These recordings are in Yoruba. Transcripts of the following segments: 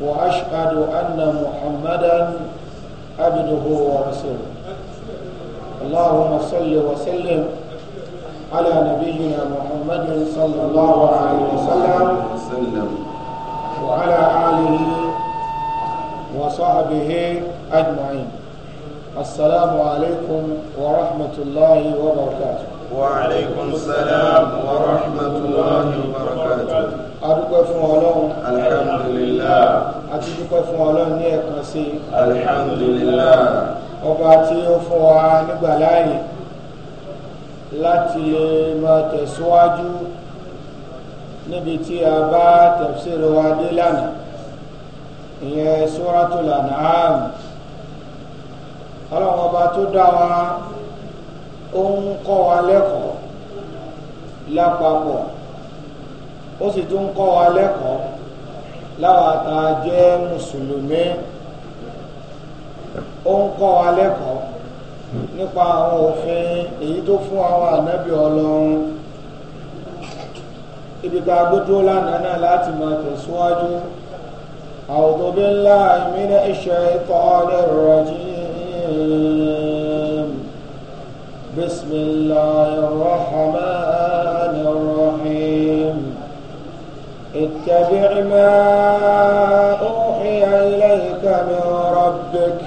وأشهد أن محمدا عبده ورسوله اللهم صل وسلم على نبينا محمد صلى الله عليه وسلم وعلى آله وصحبه أجمعين السلام عليكم ورحمة الله وبركاته وعليكم السلام ورحمة الله وبركاته adúpẹ́ fún ọlọ́run alhamdulillah àti dúpẹ́ fún ọlọ́run ní ẹ̀kan sí alhamdulillah ọba tí ó fún wa nígbà láàyè láti lè máa tẹ̀síwájú níbi tí a bá tafsir wa dé lánàá ìyẹn suratul an'am ọlọ́run ọba tó dá wa ó ń kọ́ wa lẹ́kọ̀ọ́ lápapọ̀ ó sì tún kọ́ wa lẹ́kọ̀ọ́ láwa ta jẹ́ mùsùlùmí ó ń kọ́ wa lẹ́kọ̀ọ́ nípa àwọn òfin èyí tó fún àwọn ànábì ọlọ́run ibi gbójú lánàá náà láti máa tẹ̀síwájú أعوذ بالله من الشيطان الرجيم بسم الله الرحمن الرحيم اتبع ما أوحي إليك من ربك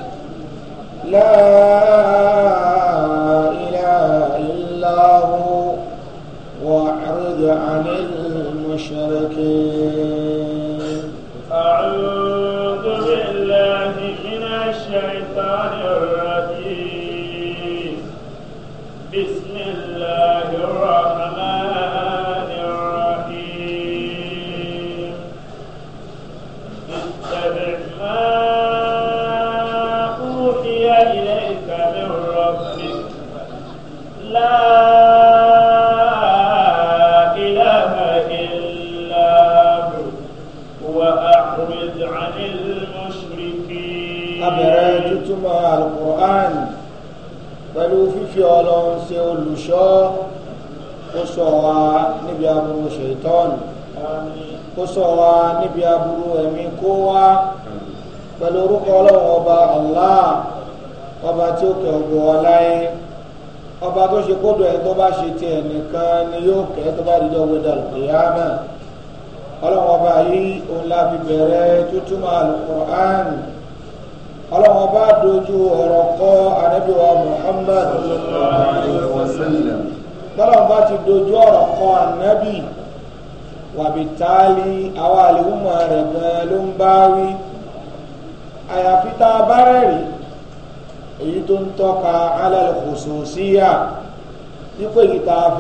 لا إله إلا هو واعرض عن المشركين أعوذ بالله من الشيطان الرجيم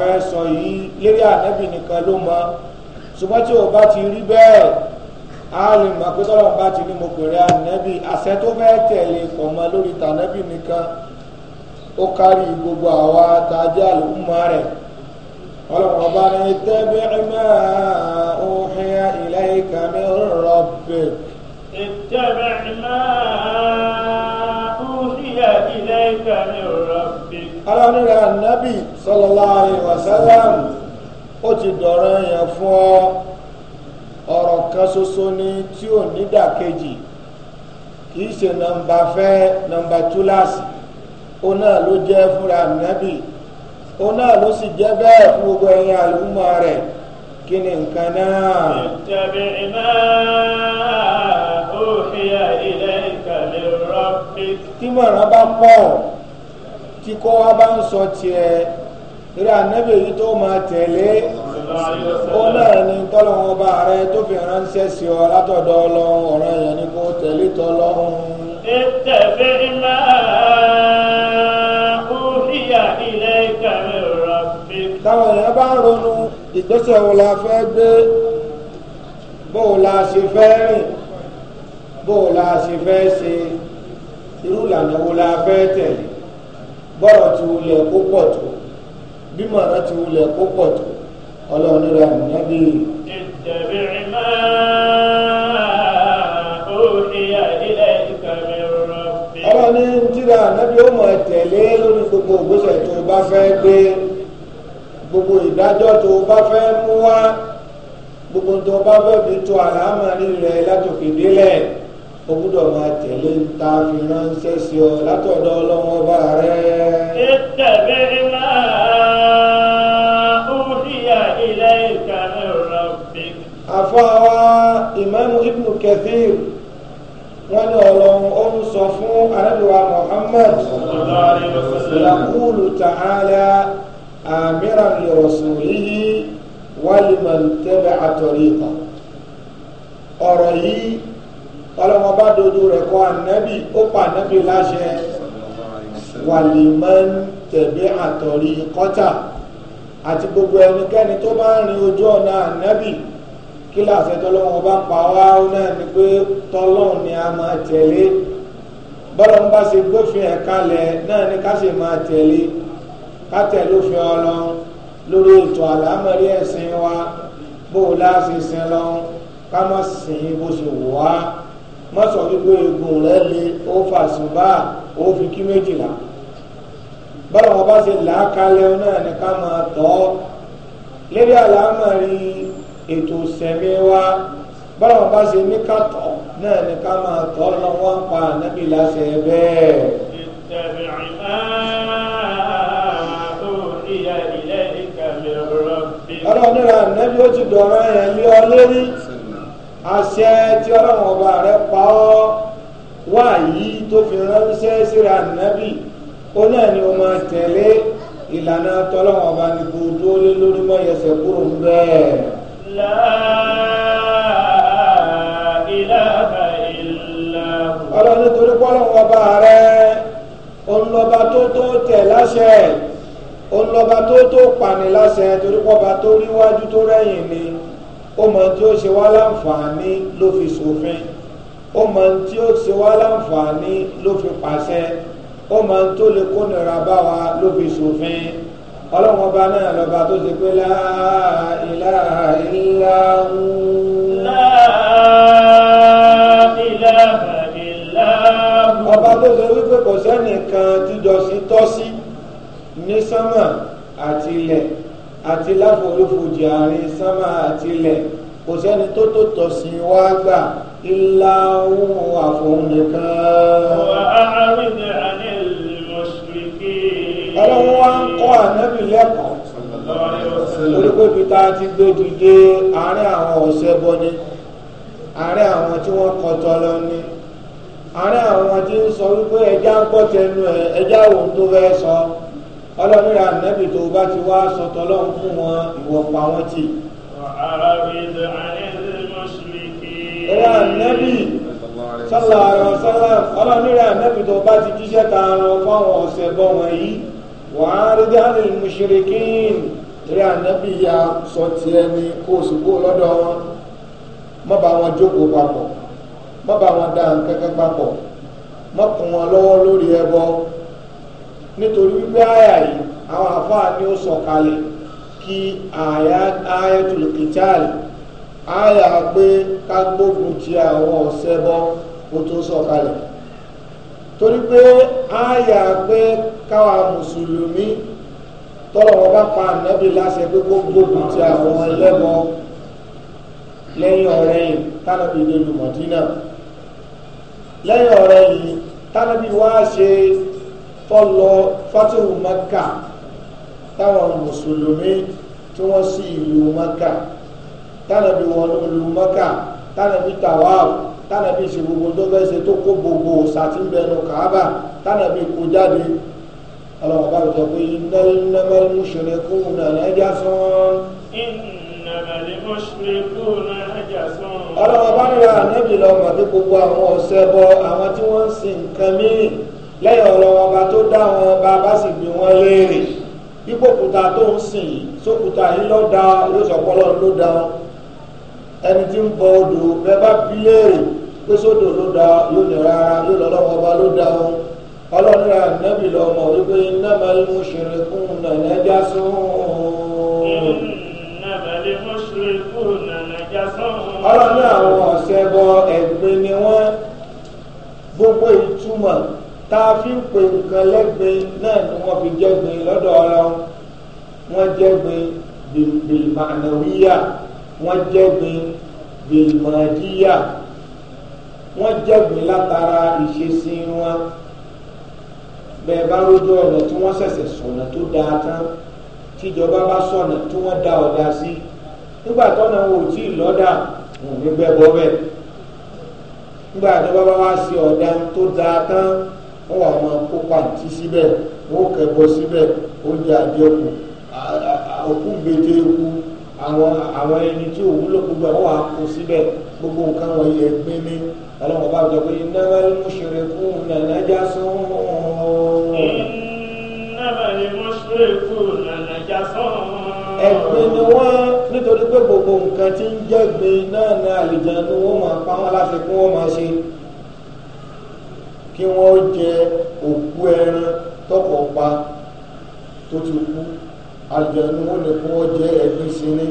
fẹ́ sọ yìí lérí ànábì nìkan ló mọ ṣùgbọ́n tí o bá ti rí bẹ́ẹ̀ á lè mọ̀ pé sọ́dọ̀ bá ti ní mo pèrè ànábì àṣẹ tó fẹ́ tẹ̀lé pọ̀ mọ́ lórí tànábì nìkan ó kárí gbogbo àwa tàjẹ́ àlùmọ́ rẹ̀ ọlọ́run ọba ní tẹ́bí máa uhiya ilayka min rabbik. ittabi' máa. aláwọ̀nìrẹ̀ ànábì sallallahu alaihi wasallam ó ti dọ̀rọ̀ yẹn fún ọ ọ̀rọ̀ kan ṣoṣo ni tí ò ní dàkejì kì í ṣe nọmba fẹ́ nọmba túláàsì ó náà ló jẹ́ fúnra ànábì ó náà ló sì jẹ́ bẹ́ẹ̀ fún gbogbo ẹ̀yin àlùmọ́ rẹ̀ kí ni nǹkan náà. ìtàbí iná òfìyà ilẹ̀ ìkàlẹ̀ rọ́pì. tí mọ̀ràn bá pọ̀. tí kọ́ wa bá ń sọ tiẹ̀ eré ànábì èyí tó máa tẹ̀lé ó náà ní tọ́lọ́wọ́n bá rẹ tó fi ránṣẹ́ sí ọ látọ̀dọ̀ ọlọ́run ọ̀rọ̀ yẹn ni kò tẹ̀lé tọ́lọ́run. اتبع ما أوحي إليك من ربك. táwọn èèyàn bá ń ronú ìgbésẹ̀ wo la fẹ́ gbé bó o la ṣe fẹ́ rìn bó o la ṣe fẹ́ ṣe irú ìlànà wo la fẹ́ tẹ̀lé. bọ́rọ̀ ti wulẹ̀ kó pọ̀ tó bí mọ̀rọ̀ ti wulẹ̀ kó pọ̀ tó ọlọ́run ra ànábì. ọlọ́run ní tíra ànábì ó mọ̀ tẹ̀lé lórí gbogbo ògbésẹ̀ tó o bá fẹ́ gbé gbogbo ìdájọ́ tó o bá fẹ́ mú wá gbogbo tó o o gbúdọ̀ máa tẹ̀lé ta fi ránṣẹ́ sí ọ látọ̀dọ̀ ọlọ́wọ́ bá rẹ. ìtẹ̀lé máa ń hìyà ilé ìkànnì rọ̀bì. àfọwọ́ ìmáàmù ibnu kathir wọ́n ní ọlọ́run ó ń sọ fún arábìwá muhammad yakulu ta'ala amiran li rasulihi waliman tabi'a tariqa ọ̀rọ̀ yìí tọ́lọ́wọ́n bá dojú rẹ̀ kọ́ ànábì ó pa ànábì láṣẹ wàlìmọ́n tẹ̀bí àtọ̀rí kọ́tà àti gbogbo ẹnikẹ́ni tó bá ń rin ojú ọ̀nà ànábì kí láṣẹ tọ́lọ́wọ́n bá pa wá ó náà ni pé tọ́lọ́run ni a máa tẹ̀lé bọ́lá ń bá ṣe gbófin ẹ̀ kalẹ̀ náà ni ká sì máa tẹ̀lé ká tẹ̀lé òfin ọlọ́run lórí ètò àlámọ̀rí ẹ̀sìn wa bó o láṣẹ sin lọ́run ká má sìn bó ṣe wù wá má sọ wípé egun rẹ le ó fàṣùbà ó fi kí méjìlá báwo wọn bá ṣe là á kalẹ̀ náà ni ká máa tọ́ lérí àlámọ̀rí ètò sẹ̀mí wa báwo wọn bá ṣe ní ká tọ́ náà ni ká máa tọ́ lọ́wọ́ ń pa ànábì láṣẹ bẹ́ẹ̀. ọlọ́run náà nẹ́bí ó ti dọ̀rọ̀ ẹ̀ lé ọ lórí àṣẹ tí ọlọ́run ọba rẹ pa ọ́ wá yìí tó fi ránṣẹ́ síra nàbì ó náà ni ó máa tẹ̀lé ìlànà tọ́lọ́run ọba ní kó dúró lé lórí mọ́ ẹsẹ̀ kúrò ń bẹ́ẹ̀. ọlọ́run nítorí pọ́lọ́run ọba rẹ ònlọba tó tó tẹ̀ láṣẹ ònlọba tó tó pàní láṣẹ torí pọ́ba tó ríwájú tó rẹ̀yìn ni ó mọ tí ó ṣe wá láǹfààní ló fi ṣòfin ó mọ tí ó ṣe wá láǹfààní ló fi pàṣẹ ó mọ tó lè kó nira bá wa ló fi ṣòfin ọlọ́run ọba náà lọ́ba tó ṣe pé la ilaha illa hu. la ilaha illa hu. ọba tó ṣe wípé kò sẹ́nìkan jíjọ sí tọ́sí ní sánmà àti ilẹ̀ àti láforúfojì àárín sánmà àti ilẹ̀ kò sẹ́ni tó tó tọ̀sìn wá gbà ilá ohun àfọ̀hún nìkan. ọlọ́run wá ń kọ́ ànábì lẹ́kọ̀ọ́ lórí pé ibi ti gbé dìde àárín àwọn ọ̀sẹ̀ bọ àárín àwọn tí wọ́n kọtọ lọ ni àárín àwọn tí ń sọ wípé ẹja ń gbọ́ tẹnu ẹ ẹja òun tó fẹ́ sọ. So ọlọ́nira nẹ́bì tó bá ti wá sọ̀tọ̀ lọ́hùn fún wọn ìwọ pa wọ́n tì. ọlọ́nira nẹ́bì sọ́lá àrùn sọ́lá ọlọ́nira nẹ́bì tó bá ti jíṣẹ́ ta àrùn fáwọn ọ̀sẹ̀ bọ́ wọn yìí wàá rí dáhùn ìmùsùlùkín rí ànẹ́bì ya sọ tiẹ̀ ní kó o sì kó lọ́dọ̀ wọn má bá wọn jókòó papọ̀ má bá wọn dá nǹkan kan papọ̀ má kún wọn lọ́wọ́ lórí ẹbọ nítorí wípé àyà yìí àwọn àfáà ni ó sọ kalẹ̀ kí àyà ayatul qital àyà pé ká gbógun ti àwọn ọ̀sẹ̀ bọ́ kó tó sọ kalẹ̀ torí pé àyà pé káwa mùsùlùmí tọ́lọ̀ wọn bá pa ànábì láṣẹ pé kó gbógun ti àwọn ẹlẹ́bọ lẹ́yìn ọ̀rẹ́yìn tánàbí dé lu Mọ̀dínà lẹ́yìn ọ̀rẹ́yìn tánàbí wá ṣe tọ́lọ fatihu maka táwọn mùsùlùmí tí wọ́n sí ìlú maka tánàbí wọnú ìlú maka tánàbí tawaf tánàbí ṣe gbogbo tó fẹ́ ṣe tó kó gbogbo ṣàtìbẹnu kàába tánàbí kó jáde ọlọ́run bá bìtọ̀ pé iná iná mẹ́rin mùsùlùmí kún un náà lẹ́jà sán. iná mẹ́rin mùsùlùmí kún un náà lẹ́jà gbogbo àwọn ọ̀sẹ̀ bọ àwọn tí wọ́n ń sin nǹkan mìíràn. lẹ́yìn ọlọ́wọ́ ọba tó dá wọn bá sì gbé wọn léèrè ipòkúta tó ń sìn sókúta yìí ló dá yóò sọ ló dá ẹni tí ń bọ odò bẹ́ẹ̀ bá bí léèrè pé sódò ló dá yóò ní rárá yóò ọba ló dá wọn ọlọ́run rà wípé ọlọ́run àwọn ọ̀sẹ̀ bọ ẹ̀gbin ni wọ́n gbogbo ìtumọ̀. tá a fi ń pè nǹkan lẹ́gbin náà ni wọ́n fi jẹ́gbin lọ́dọ̀ ọlọ́run wọ́n jẹ́gbin bìlìmọ̀nàwíyà wọ́n jẹ́gbin bìlìmọ̀díyà wọ́n jẹ́gbin látara ìṣesí wọn bẹ́ẹ̀ bá rójú ọ̀nà tí wọ́n ṣẹ̀ṣẹ̀ sọ̀nà tó dáa tán tíjọba bá sọ̀nà tí wọ́n dá ọ̀dà sí nígbà tọ́nà wò tí ì wọn ò ní gbẹ́ bọ́ bẹ́ẹ̀ nígbà tó bá wá sí ọ̀dà tó dáa tán wọ́n wà máa kó pàǹtí síbẹ̀ wọ́n kẹbọ síbẹ̀ oúnjẹ àjẹkù òkú gbèdé eku àwọn àwọn ẹni tí ò wúlò gbogbo àwọn wà síbẹ̀ gbogbo nǹkan wọ̀nyí ẹ̀gbin ni ọlọ́run bá jọ pé innamal mushrikuna najasun. innamal mushrikuna najasun. ẹ̀gbin ni wọ́n nítorí pé gbogbo nǹkan tí ń jẹ́gbin náà ní àlìjẹ́ wọ́n máa pa wọ́n láti kún wọ́n máa ṣe kí wọ́n jẹ òkú ẹran tọkọ̀ pa tó ti kú àjẹnú wọn ni kí wọ́n jẹ ẹ̀gbin sinmi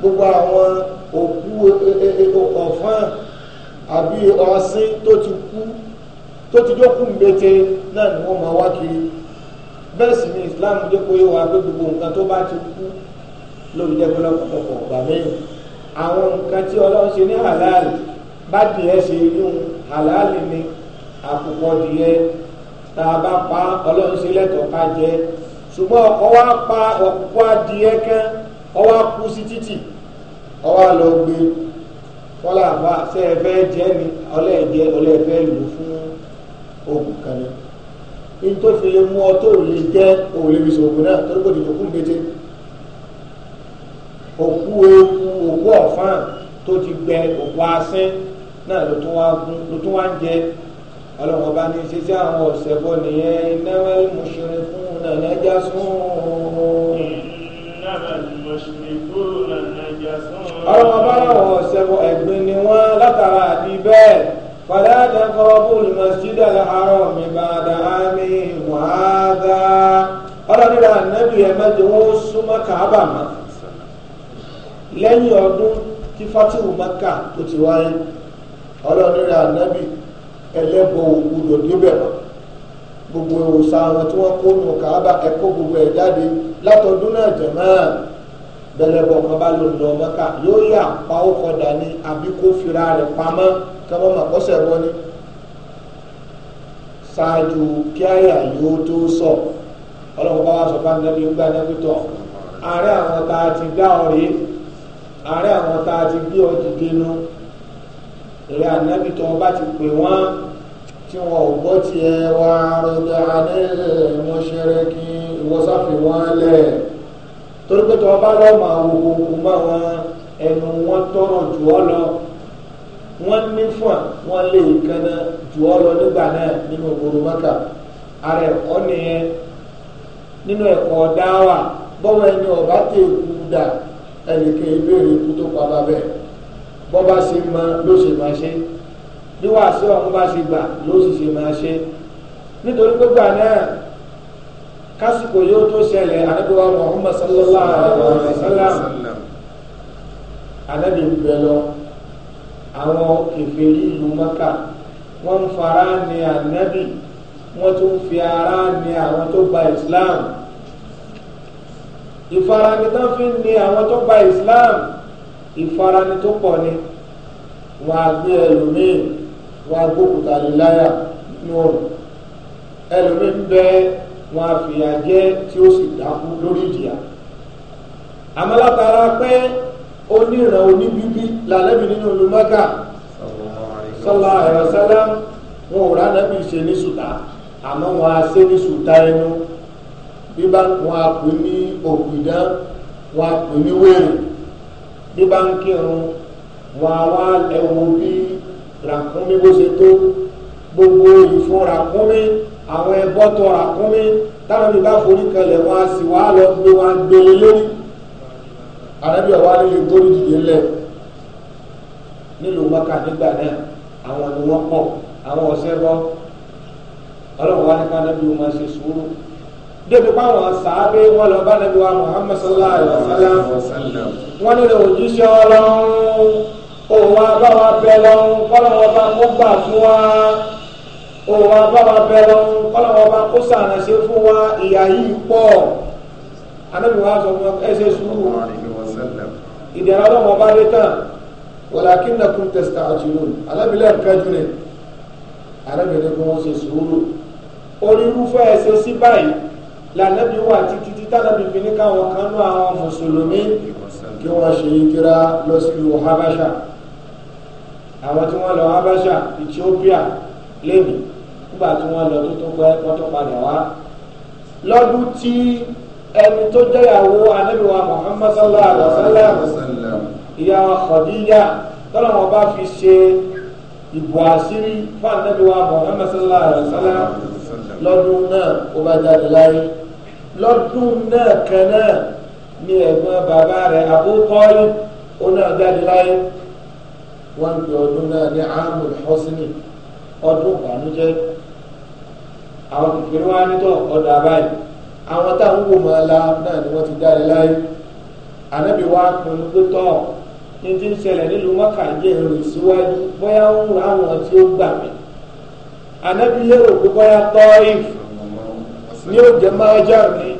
gbogbo àwọn òkú e, e, e, ọ̀fọ́n àbí ọ̀sìn tó ti kú tó ti jókòó mbete náà ni wọ́n máa wá kiri bẹ́ẹ̀ sì ni Islam jẹ́ pé wà pé gbogbo nǹkan tó bá ti kú lórí jẹ́ pé lọ́pọ̀lọpọ̀ ọ̀gbà mẹ́rin àwọn nǹkan tí Ọlọ́run ṣe ní halal bá dìé ṣe rí òun halal ni àkùkọ dìé tá a bá pa ọlọ́run sí lẹ́tọ̀ọ́ ká jẹ ṣùgbọ́n ọkọ̀ wa pa ọkùkọ adìẹ kan ọwọ́ kú sí títì ọwọ́ lọ gbé kọ́lá àbá ṣe é fẹ́ jẹ́ ni ọlẹ́ẹ̀jẹ́ ọlẹ́ẹ̀fẹ́ lò fún oògùn kan ni nítorí fi lè mú ọ tó lè jẹ́ òun lè fi ṣòògùn náà torí kò dìbò kú gbèdé òkú ewu òkú ọ̀fàn tó ti gbẹ òkú asín náà ló tún wá ń jẹ ọlọ́run ọba ní ṣíṣe àwọn ọ̀sẹ̀ bọ́ nìyẹn innamal mushrikuna najasun. ọlọ́run ọba láwọn ọ̀sẹ̀ bọ́ ẹ̀gbin ni wọ́n látara àbí bẹ́ẹ̀ fala taqrabul masjidal haram ba'da amikum hadha ọlọ́run ìlànà nàbì ẹ̀ mẹ́jọ wọ́n súnmọ́ kàábà mọ́ lẹ́yìn ọdún tí fatihu maka tó ti wáyé ọlọ́run ìlànà nàbì ẹlẹ́bọ ògbúdọ̀ débẹ̀ gbogbo ìwòsàn àwọn tí wọ́n kó nù káábà ẹ̀kọ́ gbogbo ẹ̀ jáde látọdún náà jẹ̀ náà bẹ̀lẹ̀bọ̀ kan bá lò lọ mọ́ká yóò yà pa ó kọ̀dà ní àbí kó fira rẹ̀ pamọ́ kí wọ́n máa kọ́sẹ̀ bọ́ ni ṣáájú kí àyà yóò tó sọ ọlọ́run bá sọ fún anábì ńgbà anábì tọ̀ àárẹ̀ àwọn tá a ti dá ọ rèé àwọn tá a ti gbé ọ ìrẹ́ ànábì tó bá ti pè wọ́n tí wọn ò gbọ́ tiẹ̀ wá rọ̀gbà nílẹ̀ wọn ṣẹrẹ kí ìwọ́sàfì wọn lẹ̀ torí pé tó bá lọ́mọ àwọn òkùnkùn mọ́ wọn ẹnu wọn tọrọ jù ọ lọ wọn ní fún wọn lè kanna jù ọ lọ nígbà náà nínú ògbóró mọ́kà ara ẹ̀kọ́ nìyẹn nínú ẹ̀kọ́ dáwà bọ́wọ́ ẹni ọ̀bá tẹ̀ kú dà ẹnìkan ìbéèrè kú tó pa bá bẹ́ẹ̀ bọ́ bá ṣe mọ ló ṣe máa ṣe bí wàá sí ọ̀hún bá ṣe gbà ló sì ṣe máa ṣe nítorí gbogbo náà kásìkò yóò tó ṣẹlẹ̀ àdébíwá Muhammad sallallahu alayhi wa sallam ànábì bẹ̀ lọ àwọn kèfèrí ìlú Mẹ́kà wọ́n ń fara ní ànábì wọ́n tún ń fi ara ní àwọn tó gba Islam ìfaranitán fi ń ní àwọn tó gba Islam ìfarani tó pọ̀ ni wà á gbé ẹlòmíì wà á gbókùtà lè láyà nínú ọ̀rọ̀ ẹlòmíì ń bẹ wọn á fìyà jẹ tí ó sì dákú lórí ìdíyà àmọ́ látara pé oníran oníbíbí làlẹ́bí nínú olùmọ́gà sọlá ẹ̀rọ̀sẹ́lá wọn ò ránàbí ṣe ní sùtá àmọ́ wọn á ṣe ní sùtá ẹnu bí bá wọn á pè ní òkùdán wọn á pè ní wéèrè bí bá ń kírun wọn á wá ẹwọ bí ràkúnmí bó ṣe tó gbogbo ìfún ràkúnmí àwọn ẹgbọ́tọ̀ ràkúnmí táwọn mi bá forí kalẹ̀ wọn á sì wá lọ gbé wọn gbélé lórí àrẹ́bí ọ̀wá nílé torí dìde lẹ̀ nílùú mọ́kà nígbà náà àwọn ni wọ́n pọ̀ àwọn ọ̀sẹ̀ bọ́ ọlọ́run wá nípa náà bí wọ́n máa ṣe sùúrù débi páwọn sàábé wọn lọ bá nàbí wa muhammad sallallahu alayhi wa sallam wọn ní lè òjíṣẹ́ ọlọ́run òun abáwa bẹ lọ́run kọ́lọ́wọ́ bá kó gbà fún wa òun abáwa bẹ lọ́run kọ́lọ́wọ́ bá kó sànàṣe fún wa ìyà yìí pọ̀ anábì wa sọ fún ẹsẹ̀ sùúrù ìdẹ̀rẹ̀ ọlọ́wọ́ bá dé tán walakinnakum tasta'jilun alábìlẹ̀ kẹjú ni arábìnrin kí wọ́n ṣe sùúrù onírúfẹ́ ẹsẹ̀ sí báyìí lànàbí wà títí títí lànàbí fi ní káwọn kan ní àwọn mùsùlùmí kí wọ́n ṣe ìkíra lọ sí ìlú habasha àwọn tí wọ́n lọ habasha Ethiopia lẹ́nu nígbà tí wọ́n lọ tó tó pẹ́ wọ́n tó padà wá lọ́dún tí ẹni tó jẹ́yàwó ànábì wa Muhammad sallallahu alaihi wa sallam ìyá Khadija tọ́lọ́wọ́n bá fi ṣe ìbò àṣírí fún ànábì wa Muhammad sallallahu alaihi wa sallam lọ́dún náà ó bá jáde láyé lọ́dún náà kan náà ni ẹ̀gbọ́n bàbá rẹ̀ àbúkọ́rí onáàgbáde láyé wọ́n pe ọdún náà ní amul hosni ọdún ìbànújẹ́ àwọn kékeré wa nítọ̀ ọdọ̀ àbáyé àwọn táwọn wò máa la náà ni wọ́n ti dáre láyé ànábì wa pinnu pé tọ́ ní ti ń ṣẹlẹ̀ nílùú mọ́kànjẹ́ èrò ìsíwájú bóyá ń wọ àwọn tí ó gbà mí ànábì lérò pé bóyá tọ́ ìfù ní ó jẹ májà ní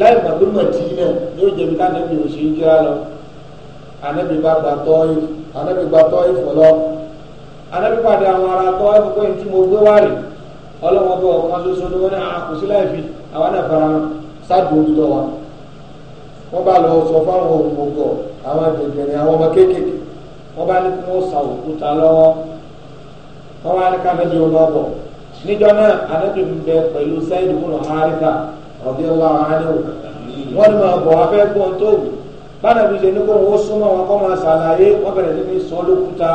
láì mọ̀ pé mọ̀tínà ní ó jẹ bí kánẹ́bí ò ṣe ń kíra lọ anẹ́bí bá gba tọ́ ìfọ̀ anẹ́bí gba tọ́ ìfọ̀ lọ anẹ́bí padà àwọn ará tọ́ ìfọ̀ pé tí mo gbé wá rè ọlọ́wọ́n bọ̀ ọ̀kan ṣoṣo ni wọ́n ní àkùsí ah, láì fi àwọn náà fara ṣáàdù olùdó wa wọ́n bá lọ sọ fáwọn òmùgọ̀ àwọn àgbẹ̀gbẹ̀rẹ̀ àwọn ọmọ kéékèèké wọ́n bá ní kí wọ́n sa òkúta lọ́wọ́ wọ́n ní káfíńtì ọmọ bọ̀ níjọ́ náà anábì ń bẹ pẹ̀lú Said ibn Haritha radiyallahu anhu wọ́n ní máa bọ̀ wá fẹ́ gbọ́n tó wù bánàbí ṣe ní kó wọ́n súnmọ́ wọn kọ́ máa ṣàlàyé wọ́n bẹ̀rẹ̀ sí ní sọ lókúta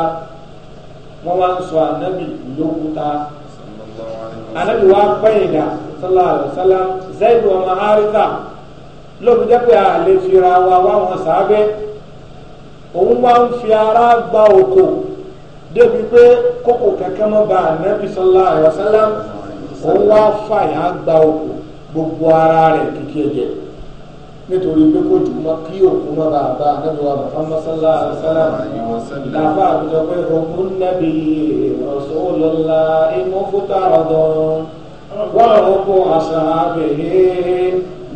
wọ́n wá ń sọ anábì lókúta anábì wa pẹ́yìndà sallallahu alaihi wasallam Said ibn lóbi jẹ́ pé wa wọn sàábẹ́ òun wá ń fi ara gba òkò débi pé kókò kankan mọ́ bá ànábì sallallahu alaihi wasallam òun wá fàyà gba òkú gbogbo ara rẹ̀ kìkì ẹ̀jẹ̀ nítorí pé kó jù mọ́ kí òkú mọ́ bá bá ànábì wa Muhammad sallallahu alaihi wasallam àtúntò pé òkun nàbì rasulullahi muftaradun wa òkú àṣà àbẹ̀yẹ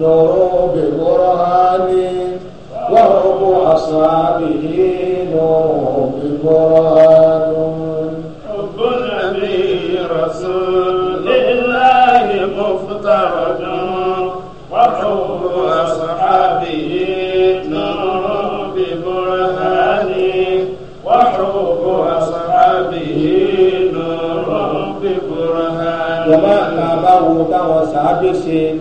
lọ́rọ̀ bẹ̀rọ̀ hánì. وهم أصحابه نور برهان حب في رسول الله مفترض وحب أصحابه نور برهان وحب أصحابه نور برهان وما ما هو كان وصحابه سي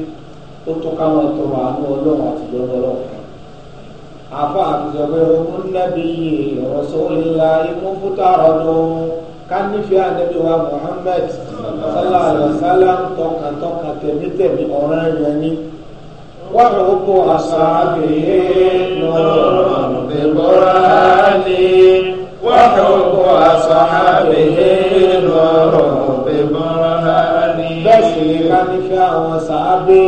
ó tún ká wọn afáàtúnṣẹ́fẹ́ múnlẹ́bí rasulillahi mufutarọ́dún kánífẹ́ àdébíwá muhammed sallallahu alayhi wa sallam tọkàntọkàn tẹ̀mítẹ̀mí ọ̀ràn yẹn ni wọ́n mú kó asáàbì lọ́rọ̀ bíbọ́rání wọ́n mú kó asáàbì lọ́rọ̀ bíbọ́rání. bẹ́ẹ̀ sì ni kánífẹ́ àwọn sàábé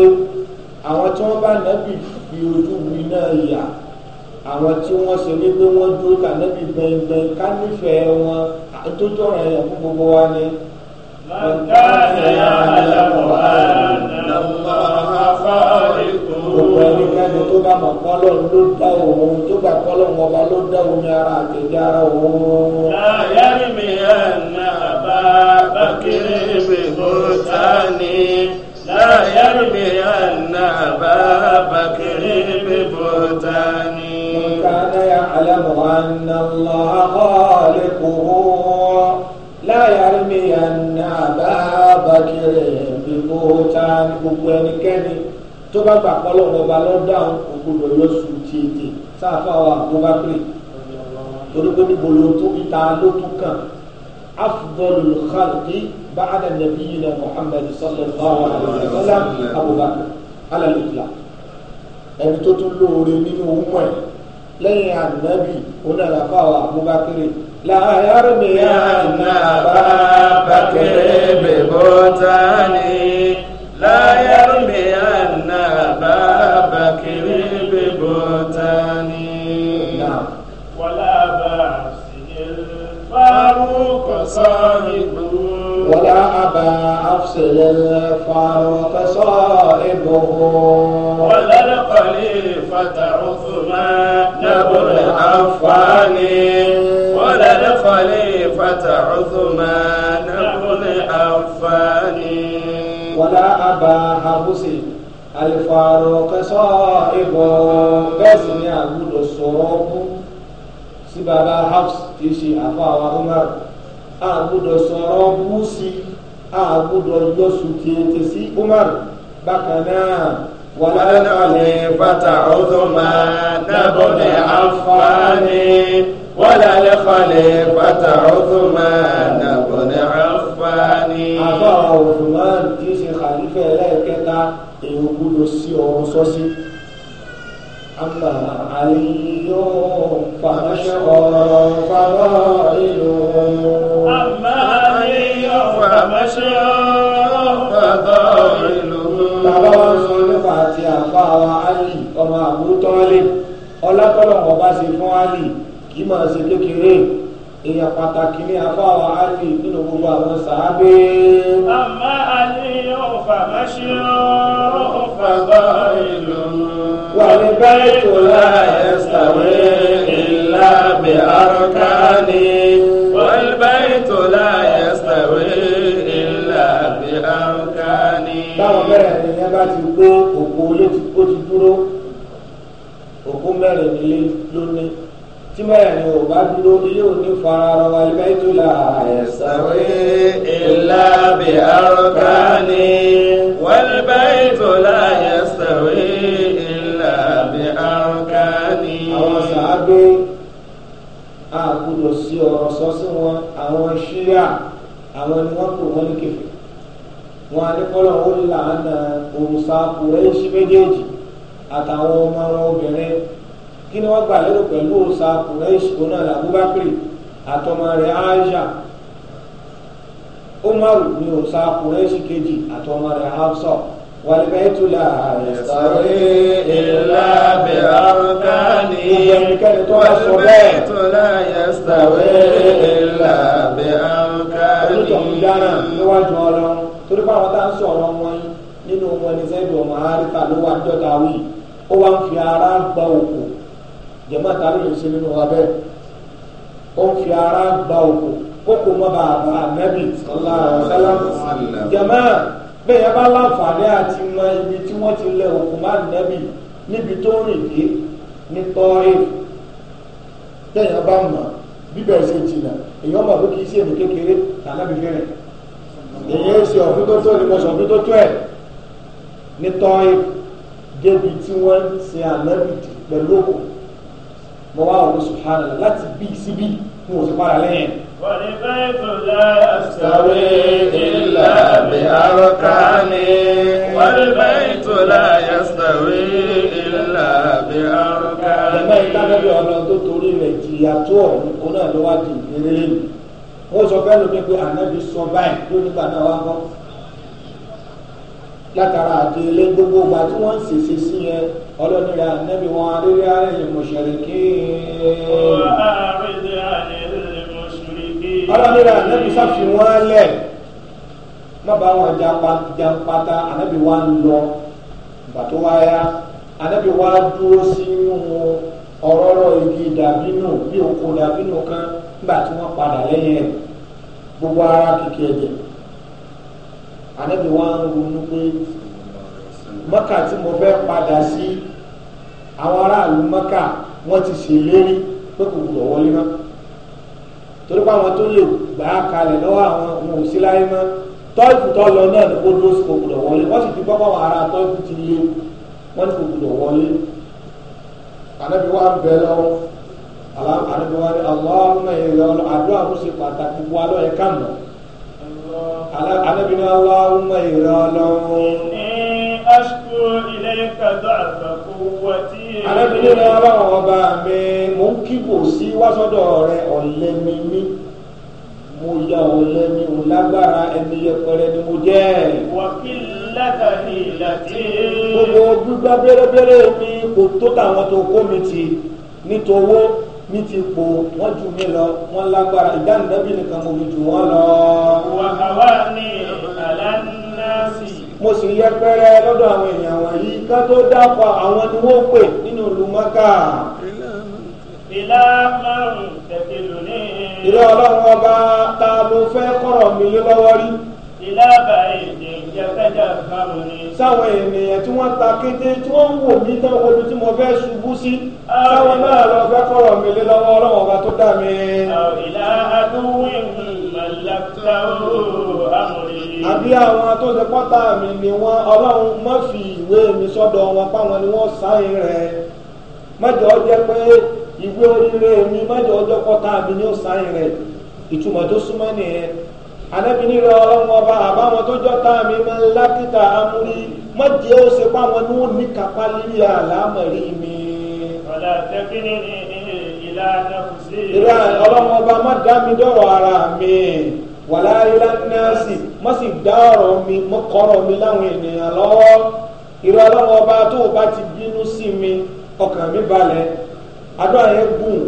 àwọn tí wọ́n bá nẹ́bì fi ojú mi náà yà àwọn tí wọ́n ṣe wípé wọ́n dúró tànẹ́bí gbẹngbẹng ká nífẹ̀ẹ́ wọn àtúntò ọ̀rọ̀ ẹ̀yàn fún gbogbo wa ni. gbogbo ẹnikẹ́ni tó bá mọ̀ kọ́lọ́ ló dá òun tó gbà kọ́lọ́ wọn bá ló dá omi ara àtẹ̀jẹ́ ara òun. láyé mi ẹ̀ nà bá bá kiri mi kò tá ni. لا يرمين باب كريم بهتاني يعلم أن الله خالقه لا يرمين أبا بكر ببهتان gbogbo ẹnikẹ́ni tó bá gbà pọ́ lọ́wọ́ ọba lọ́dáhùn ògbódò yóò sùn tìtì sáfà wa àbúbákiri torí pé níbo ló tó ìta ló tún kàn afdol khalqi ba'da nabiyina muhammed sallallahu alayhi wa sallam abubakar alalibla ẹni tó tún lóore nínú ọmọ ẹ̀ lẹ́yìn ànábì onálàfà wa abubakar láyàrá mi àná bá bàkẹ́rẹ́ bẹ̀bọ̀ tání láyàrá mi àná bá bàkẹ́rẹ́ bẹ̀bọ̀ tání. wàlá bá a sì sọ́ọ́. ولا أبا أفسد الفعل وتصائبه ولا الخليفة عثمان بن عفان ولا الخليفة عثمان بن عفان ولا أبا حفصي الفاروق صائب بس يعبد الصروف سبب حفص في أفا عمر a gbọ́dọ̀ sọ̀rọ̀ múùsì a gbọ́dọ̀ yọ sùkè tẹ̀sí Umar bákan náà wàlálẹ́ ọ̀lẹ́ bàtà ọ̀dọ́ máa dábọ̀ ní àǹfààní wàlálẹ́ ọ̀lẹ́ bàtà ọ̀dọ́ máa dábọ̀ ní ṣe kàlífẹ̀ lẹ́ẹ̀kẹta èèyàn gbọ́dọ̀ sí ọ̀run sọ́sí. أما علي فمشغل فضائل أما علي فمشغل فضائل تبارك الفاتحة فهو علي وما أبو طالب ọlákọ́lọ̀ wọn bá ṣe fún ali kì í máa ṣe kékeré èèyàn pàtàkì ní afáwà ali nínú gbogbo àwọn sàábé. àmọ́ ali yóò fà máṣe ọ́ fà bá ìlú. والبيت لا يستوي إلا بأركانه والبيت لا يستوي إلا بأركانه táwọn mẹ́rin ènìyàn bá ti gbó òkú ilé ó ti dúró òkú mẹ́rin ilé lónìí tí mẹ́rin ò bá dúró ilé ò ní fara rọ والبيت لا يستوي إلا بأركانه والبيت لا يستوي àwọn sàádé àgùdọ̀ sí ọ̀rọ̀ sọ sí wọn àwọn ṣíyà àwọn ni wọ́n pè wọ́n ní kẹfì wọn adékọ́lọ̀ ó làánà òrùsà kùrẹ́ṣì méjèèjì àtàwọn ọmọ wọn obìnrin kí ni wọ́n gbà lérò pẹ̀lú òrùsà kùrẹ́ṣì òun náà làbúbákiri àtọmọ rẹ̀ áyà Umaru ni òrùsà kùrẹ́ṣì kejì àtọmọ rẹ̀ hafsọ. والبيت لا يستوي إلا بأركانه والبيت لا يستوي إلا بأركانه torí pé àwọn tá à ń sọ̀rọ̀ wọn nínú wọn ní zaidu ọmọ haritha ló wà jọta wí ó wá ń fi ara gba òkò jẹ̀mọ́ ta ló lè ṣe nínú wa bẹ́ẹ̀ ó ń fi ara gba òkò kókò mọ́ bàbá nẹ́bì sallallahu alaihi wasallam jẹ̀mọ́ bẹ́ẹ̀ yẹn bá láǹfààní àti mọ ibi tí wọ́n ti lẹ òkú má nẹ́bì níbi tó rìn dé ní tọ́rì bẹ́ẹ̀ yẹn bá mọ̀ bíbẹ̀ ṣe jìnnà èyàn mọ̀ pé kì í ṣe èmi kékeré tàbí fẹ́rẹ̀ èyàn ṣe ọ̀fin tó tó ìmọ̀ ṣọ̀fin tó tó ẹ̀ ní tọ́rì débi tí wọ́n ṣe ànábì pẹ̀lú òkú mọ̀ wá òun sùhánà láti bí síbí fún òṣùpá rẹ̀ lẹ́yìn. والبيت لا أستوي إلا بأركاني والبيت لا يستوي إلا بأركاني ẹ̀mẹ́ ìtànẹ́bí ọ̀nà tó torí rẹ̀ jìyà tó ọ̀hún kó náà ló wá di ìrere mi ó sọ fẹ́ lómi pé ànábi sọ báyìí tó nígbà náà wá bọ́ látara àti ilé gbogbo ìgbà tí wọ́n ń ṣèṣe sí yẹn ọlọ́ni rẹ̀ ànábi wọn adérí ààrẹ yìí mọ̀ṣẹ̀rẹ̀ kéèké. ọ̀rọ̀ àárín ní àná ọlọ́nira ànábì sáfìwọ́n lẹ̀ má bá wọn já pátá ànábì wa ń lọ bàtó wáyà ànábì wa dúró sínú ọ̀rọ̀rọ̀ igi dàbínú bí oko dàbínú kan nígbà tí wọn padà lẹ́yìn gbogbo ara kìkì ẹ̀jẹ̀ ànábì wa ronú pé mọ́kà tí mo fẹ́ padà sí àwọn aráàlú maka, wọn ti ṣèlérí pé kò wọlé náà. torí pé àwọn tó lè gbà á kalẹ̀ lọ́wọ́ àwọn ọmọ òsì láyé mọ́ tọ́ìfù tó lọ náà ní kó dúró sí gbogbo wọlé wọ́n sì ti gbọ́ báwọn ará tọ́ìfù ti lé wọ́n ní gbogbo wọlé ànábi wa bẹ̀ lọ́wọ́ ànábi wa ní aláwọ̀ ẹ̀yẹ lọ́wọ́ àdúrà ló ṣe pàtàkì wà lọ́ ẹ̀ka mọ̀ ànábi ní aláwọ̀ ẹ̀yẹ lọ́wọ́. ní aṣọ ilé ìkàdọ̀ àgbà kó wọ́n arábìnrin rẹ aláwọ̀ ọba mi mò ń kíbò sí wásọ́dọ̀ rẹ ọ̀lẹ́ mi mí mo ya ọ̀lẹ́ mi lágbára ẹni yẹpẹrẹ ni mo jẹ́. gbogbo gbígbá bẹ́rẹ́bẹ́rẹ́ mi kò tó tàwọn tó kó mi ti nítòwó mi ti po wọn ju mi lọ wọn lágbára ìdánilẹ́bí nìkan mo fi jù wọn lọ. wàhálà ni àlànà sì mo sì yẹpẹrẹ lọ́dọ̀ àwọn èèyàn wọ̀nyí ká tó dápọ̀ àwọn ni wọ́n pè nínú ìlú mọ́kà. ìlà márùn tẹ̀sí lónìí. ìlú ọlọ́run ọba ta ló fẹ́ kọ̀rọ̀ mi lé lọ́wọ́ rí. ìlà bàyè dé sáwọn ènìyàn tí wọ́n ta kété tí wọ́n ń wò mí tán wọlé tí mo fẹ́ ṣubú sí sáwọn náà lọ fẹ́ kọ́rọ̀ mi lé lọ́wọ́ ọlọ́wọ́ ọba tó dá mi. àbí àwọn tó ṣe pọ́tà mi ni wọ́n ọlọ́run má fi ìwé mi sọ́dọ̀ wọn páwọn ni wọ́n sáyìn rẹ̀ mọ́jọ́ jẹ́ pé ìwé oríire mi mọ́jọ́ ọjọ́ pọ́tà mi ni ó sáyìn rẹ̀ ìtumọ̀ tó súnmọ́ nìyẹn. anábìnrin ọlọ́run ọba àbáwọn tó jọta mi máa ń lákìtà amúrí mọ̀jẹ́ ó ṣe páwọn ní òní kápá lílé àlámọ̀rí mi. ọ̀la tẹ́kínní ni ìlànà kù sí. ìrà má dá mi dọ̀rọ̀ ara mi wala ilá nọ́ọ̀sì má sì dá ọ̀rọ̀ mi má kọ́rọ̀ mi láwọn ènìyàn lọ́wọ́ tó o bá ti bínú sí mi ọkàn mi balẹ̀ adó gùn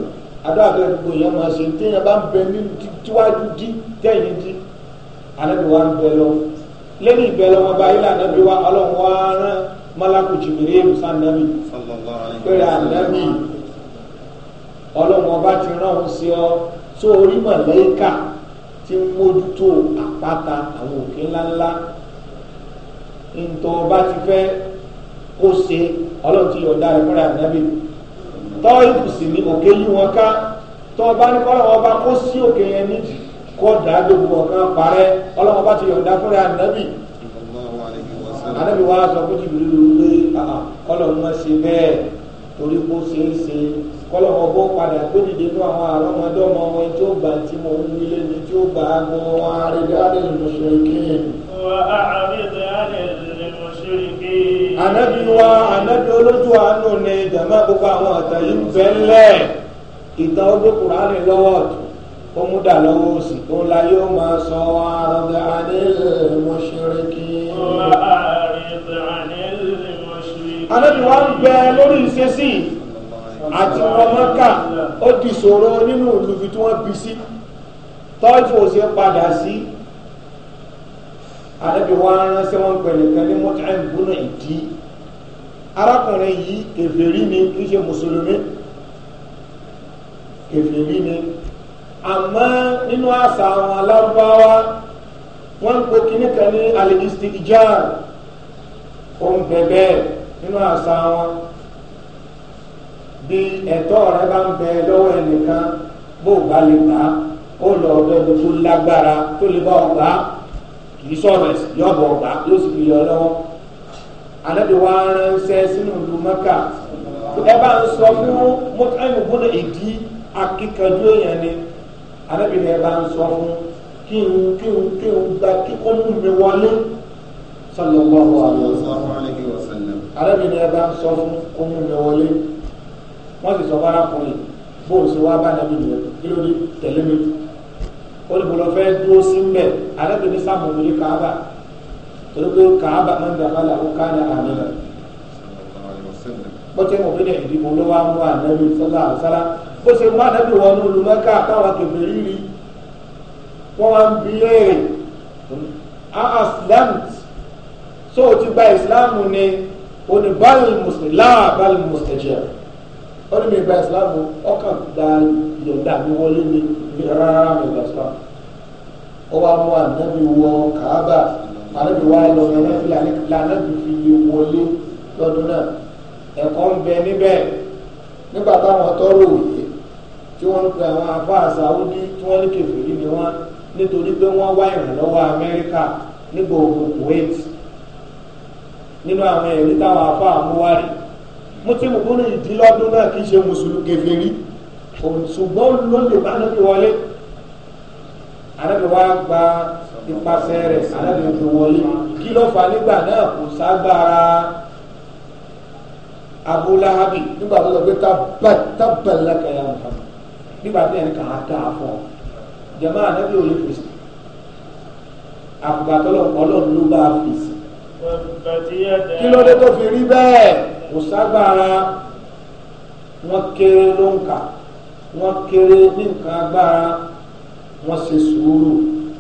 anabi wa ń bẹ lọ lẹ́nu ìbẹ lọ wọn bá yìí lọ anabi wa ọlọ́run wa rán malaku jibirin sanabi pẹ̀lú anabi ọlọ́run ọba ti rán òun sí ọ tó orí mọ̀lẹ́kà ti ń mójútó àpáta àwọn òkè ńláńlá ntọ́ ọba ti fẹ́ kó ṣe ọlọ́run ti yọ̀ọ̀dá rẹ̀ fúnra anabi tọ́ ìbùsùn ní òkè yí wọn ká tọ́ ọba ní kọ́lọ́ ọba kó sí òkè yẹn nídìí kọ́ dàájọ́ gbogbo kan parẹ́ ọlọ́run bá ti yọ̀ǹda fúnra ànábì ànábì wa sọ fún jìbìrì lórí pé ọlọ́run má ṣe bẹ́ẹ̀ torí kó ṣe é ṣe kọ́lọ́mọ bó padà tó dìde nú àwọn àrọ́mọdọ́mọ wọn tí ó gbà tí mo ń nílé ni tí ó gbà á gbọ́ wọn àrídáàdì lùmọ̀ṣẹ́kìn. ànábì wa ànábì olójú àánú ni jàmá gbogbo àwọn àtàyè ń bẹ́ńlẹ̀ ìtàn ọdún kùránì lọ́wọ́ ọ̀tún ó mú dà lọ́wọ́ òsì tó ńlá yóò máa sọ àrògẹ́ àdéhùnmọ́ṣẹ́rẹ́kì. anábì wa ń bẹ lórí ìṣesí àti ọmọkà ó di ìṣòro nínú ìlúfi tí wọ́n bí sí tọ́jú òsè padà sí anábì wa ránṣẹ́ wọn pẹ̀lú kan ní mọ́tàlẹ́ gbóná ìdí arákùnrin yìí kèfèrí ni kì í ṣe mùsùlùmí kèfèrí ni àmọ́ nínú àṣà àwọn alárúbáwá wọ́n ń pe kínní kan ní al-istijār òun bẹ̀bẹ̀ nínú àṣà wọn bí ẹ̀tọ́ rẹ bá ń bẹ lọ́wọ́ ẹnìkan bó o bá lè gbà á ó lọ ọ̀dọ̀ ẹni tó lágbára tó lè bá ọ kì í sọ̀rọ̀ ẹ̀sìn yóò bọ̀ yóò sì fi yọ lọ́wọ́ anabi wa ránṣẹ́ sínú ìlú mẹ́kà ẹ bá ń sọ fún mọ́tàmù bọ́dọ̀ akíkanjú èèyàn ni arábìnrin ẹ bá ń sọ fún kí n kí n kí n gba kíkọ́ mú mi wọlé sallallahu alaihi wasallam arábìnrin ẹ bá ń sọ fún kó mú mi wọlé wọ́n sì sọ fara kùnrin bóun ṣe wá bá nàbí nìyẹn kí ló dé tẹ̀lé mi ó ní fẹ́ dúró sí mbẹ́ arábìnrin sàmùbìrì kàába torí pé kàába máa ń dàgbà làwọn ká ní àmì bọ́tẹ́ mọ̀ bí ní ìdìbò ló wá mú ànábì sallallahu alaihi wasallam bó ṣe má nẹ́bí wọn ní olùmọ́ká àtàwọn kẹfẹ́ rírí wọ́n wá ń bi léèrè aslant so ti gba ìsìláàmù ni oní báyìí mùsùlùmí láà báyìí mùsùlùmí jẹ ó ní mi gba ìsìláàmù ọkàn gba ìyọ̀ǹda mi wọlé ní rárá mi gba ìsìláàmù ó wá mú ànábì wọ kàábà ànábì wá lọ yẹn lànàbì fi lè wọlé lọ́dún náà ẹ̀kọ́ ń bẹ níbẹ̀ nígbà táwọn tọ́rọ òye tí wọ́n pe àwọn afá Saudi tí wọ́n ní kèfèrí ni wọ́n nítorí pé wọ́n wá ìrànlọ́wọ́ Amẹ́ríkà nígbà ogun Kuwait nínú àwọn ẹ̀rí táwọn afá amúwárí mo ti mú bóni ìdílọ́dún náà kì í ṣe mùsùlùmí kèfèrí ṣùgbọ́n ló lè bá lóbi wọlé anábì wa gba ipasẹ̀ rẹ̀ anábì fi wọlé kí ló fà nígbà náà kò ságbára Abu Lahabi nígbà tó lọ pé tábàlákàyà Muhammad nígbà tí ẹnì kan á dá a fún ọ jẹmọ ànábì ò lè fèsì àkùgbà tọlọ Ọlọ́run ló bá a fèsì kí ló dé tó fi rí bẹ́ẹ̀ kò ságbára wọn kéré ló ń kà wọn kéré ní nǹkan agbára wọn ṣe sùúrù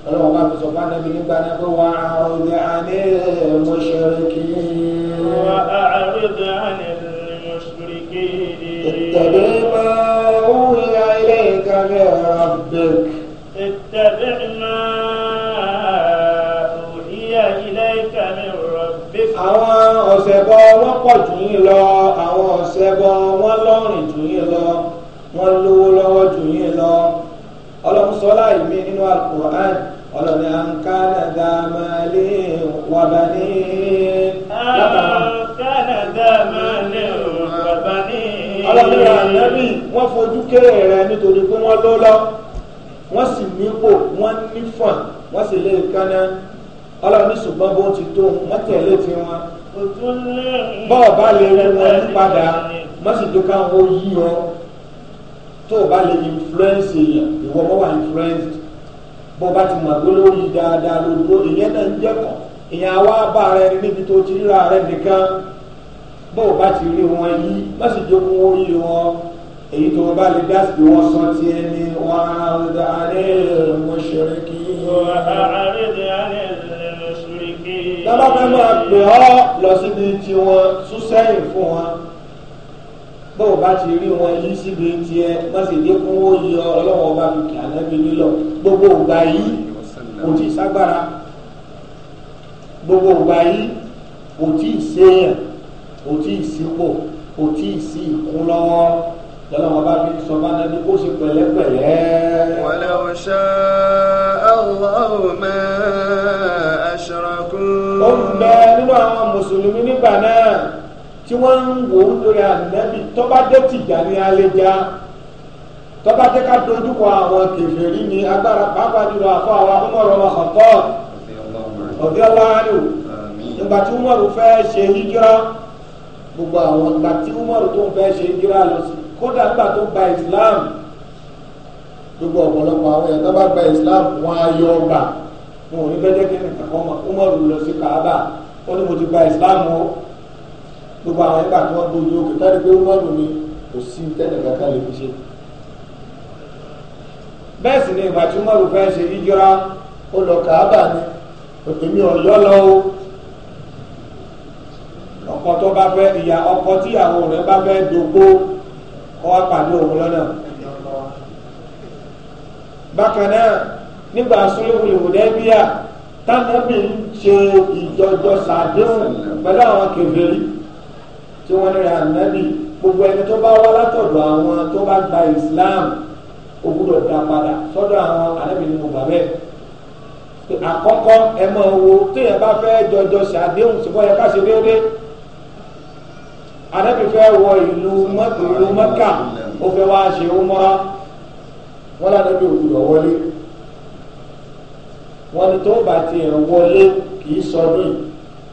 ọlọ́wọ́n bá fi sọ fún anábì nígbà náà pé wà á ọ̀dẹ àní mọ̀ṣẹ̀rẹ̀kì. wà á ọ̀dẹ àní mọ̀ṣẹ̀rẹ̀kì. ìtẹ̀lé ربك اتبع ما أوحي إليك من ربك àwọn ọ̀ṣẹ̀bọ wọ́n pọ̀ jù yín lọ àwọn ọ̀ṣẹ̀bọ wọ́n lọ́rìn jù yín lọ wọ́n lówó lọ́wọ́ jù yín lọ ọlọ́run sọ láì mí nínú alukur'an ọlọ́ni àǹkánà dàmálì wàbàní. àǹkánà dàmálì wàbàní. ọlọ́ni ànábì wọ́n fojú kéré rẹ̀ nítorí pé wọ́n ló lọ wọ́n sì nípò wọ́n nífọ̀n wọ́n sì lè kánná ọlọ́run ní ṣùgbọ́n bó ti tó wọ́n tẹ̀lé ti wọn. bọ́ọ̀ bá lè rí wọn yípadà wọ́n sì tó káwọn ó yí ọ tó o bá lè influence èèyàn ìwọ bọ́ wà influenced bó o bá ti mọ̀ pé lórí dáadáa lódó ìyẹn náà ń jẹ́kọ̀ọ́ ìyẹn àwa bá rẹ níbi tó ti ríra rẹ nìkan bó o bá ti rí wọn yí wọ́n sì jókòó yí wọn èyí tó bá lè dá sí wọn sọ ti ẹni wọn àrùdà alẹ́ mọ̀ṣẹ̀rẹ̀kì. àrùdà alẹ́ mọ̀ṣẹ̀rẹ̀kì. tábà fẹ́ máa pè ọ́ lọ síbi tí wọ́n sún sẹ́yìn fún wọn bó o bá ti rí wọn yí síbi tiẹ̀ má sì dé kún ó yọ ọlọ́wọ́n bá fi kí ànábi nílọ gbogbo ògbà yìí kò tí ì ságbára gbogbo ògbà yìí kò tí ì séèyàn kò tí ì sípò kò tí ì sí ìkún lọ́wọ́ tọ́lọ́mọ bá fi sọ bá nàbí kó ṣe pẹ̀lẹ́pẹ̀lẹ́. walau sha'a Allahu ma ashraku. ó ń bẹ nínú àwọn mùsùlùmí nígbà náà tí wọ́n ń wò ó lórí ànábì tọ́ba dé tìjà ní alẹ́já tọ́ba dé ká dojúkọ àwọn kèfèrí ní agbára pàápàá jùlọ àfọ àwọn akọ́mọ̀rọ̀ wọn kàn tọ́ ọ̀dẹ́ ọláhánù nígbà tí Umaru fẹ́ ṣe hijira gbogbo àwọn ìgbà tí Umaru tó ń fẹ́ ṣe hijira lọ sí kódà nígbà tó gba islam gbogbo ọ̀pọ̀lọpọ̀ àwọn èèyàn tó bá gba islam wọn á yọ ọgbà wọn ò ní fẹ́ jẹ́ kí nìkan kan mọ̀ kó mọ̀ lù lọ sí kaaba ó ní mo ti gba islam o gbogbo àwọn ìgbà tí wọ́n gbójú òkè káàdì pé wọ́n lù mí kò sí tẹ́lẹ̀ká ká lè fi ṣe. bẹ́ẹ̀ sì ni ìgbà tí wọ́n lù fẹ́ ṣe yíjọra ó lọ kaaba ni èmi ò yọ lọ o ọkọ tó bá fẹ́ ìyá ọkọ tíyàwó rẹ̀ bá fẹ́ dògbò kọ́ wá pàdé òun lọ́nà. bákan náà nígbà súnlẹ̀wìlì òdẹ́bíà tánàbì ń ṣe ìjọjọ sàdéhùn pẹ̀lú àwọn kèfèrí tí wọ́n ní ànábì gbogbo ẹni tó bá wá látọ̀dọ̀ àwọn tó bá gba Islam ó gbúdọ̀ dá padà sọ́dọ̀ àwọn ànábì nínú bàbẹ́ àkọ́kọ́ ẹ máa wo téèyàn bá fẹ́ jọjọ sàdéhùn síbọ̀ yẹ ká ṣe déédéé anabi fẹ́ wọ ìlú ìlú mẹ́kà ó fẹ́ wá ṣe umra wọn lànà bí òwúrọ̀ wọlé wọn ni tó bá tiẹ̀ wọlé kì í sọdún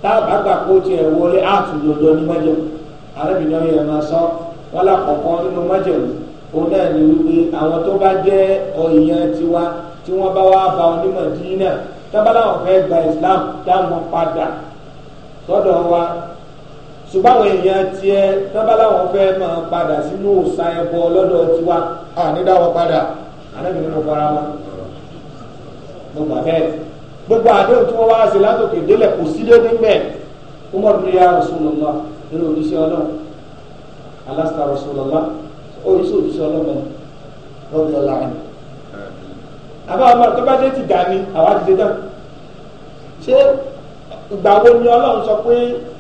táàbà gbà kó tiẹ̀ wọlé àtúndòdò ní májèlú anabi náà yẹ máa sọ wọn làkọ̀kọ́ nínú májèlú òun náà ni wípé àwọn tó bá jẹ́ ọ̀yàn tiwa tí wọ́n bá wá bá onímọ̀ dínà tábàláwọn fẹ́ gba Islam dáhùn padà sọ́dọ̀ wa ṣùgbọ́n àwọn èèyàn tiẹ̀ tábà láwọn fẹ́ máa padà sínú òòṣà ẹbọ lọ́dọ̀ tiwa ànídá wọn padà ànábì nínú fara wọn gbogbo abẹ́ gbogbo àdéhùn tí wọ́n wá ṣe látòkè délẹ̀ kò sí lé nígbẹ̀ ó mọ̀ nílé ya Rasulullah nínú oníṣẹ́ ọlọ́run alásìkò Rasulullah oníṣẹ́ òṣìṣẹ́ ọlọ́run lọ́dọ̀ láàrin àbá ọmọ tó bá dé ti dà ní àwa ti dé tán ṣé ìgbà wo ni ọlọ́run sọ pé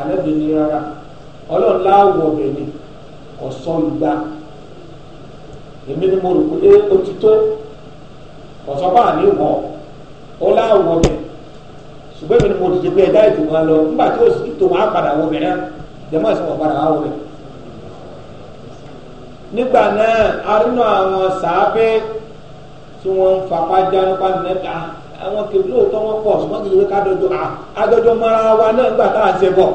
ànábì ní rárá ọlọ́run láwọ̀ bẹ̀ ni ọ̀sán gba èmi ni mo rò pé ó ti tó ọ̀sán bá ní ìmọ̀ ó láwọ̀ bẹ̀ ṣùgbọ́n èmi ni mo dìde pé ẹ̀dá ìdùnnú lọ nígbà tí ó sì tó máa padà wọ bẹ̀ náà jẹ́mọ́ ìsìn wọ̀ padà wá wọ nígbà náà arínú àwọn sàábé tí wọ́n ń fapá jánu pa nẹ́ta àwọn kèwì lóòótọ́ wọn pọ̀ ṣùgbọ́n kì í ṣe kájọjọ à kájọjọ mọ́ra wa náà gbà tá à ń ṣe bọ̀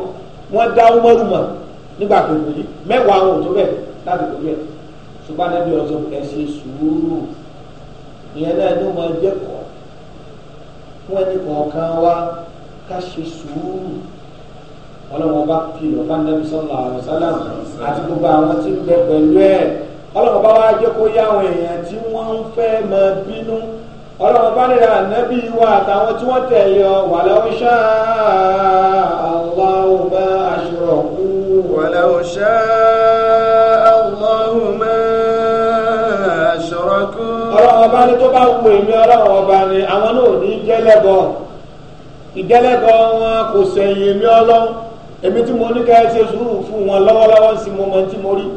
wọ́n dá umaru mọ̀ nígbà tó wù yí mẹ́wàá àwọn òtún bẹ̀ láti kò yẹ ṣùgbọ́n anábì ọ̀sọ̀ ẹ̀ ṣe sùúrù ìyẹn náà ní wọn jẹ́ kọ́ wọn ní kọ̀ọ̀kan wa ká ṣe sùúrù ọlọ́wọ́n bá kìlọ̀ bá nẹ́bí sọ́nà àrùsálàm àti gbogbo àwọn tí ń bẹ pẹ̀lú ẹ̀ ọlọ́wọ́n bá wá jẹ́ kó yá àwọn èèyàn tí wọ́n ń máa bínú ọlọ́run bá nílẹ̀ ànábì wa àtàwọn tí wọ́n tẹ̀lé ọ walau sha'a Allahu ma ashraku. walau sha'a Allahu ma ashraku. ọlọ́run ọba ní tó bá wù èmi ọlọ́run ọba ni àwọn náà ní jẹ́lẹ́bọ ìjẹ́lẹ́bọ wọn kò sẹ̀yìn èmi ọlọ́run èmi tí mo ní ká ẹ ṣe sùúrù fún wọn lọ́wọ́lọ́wọ́ sí mo mọ tí mo rí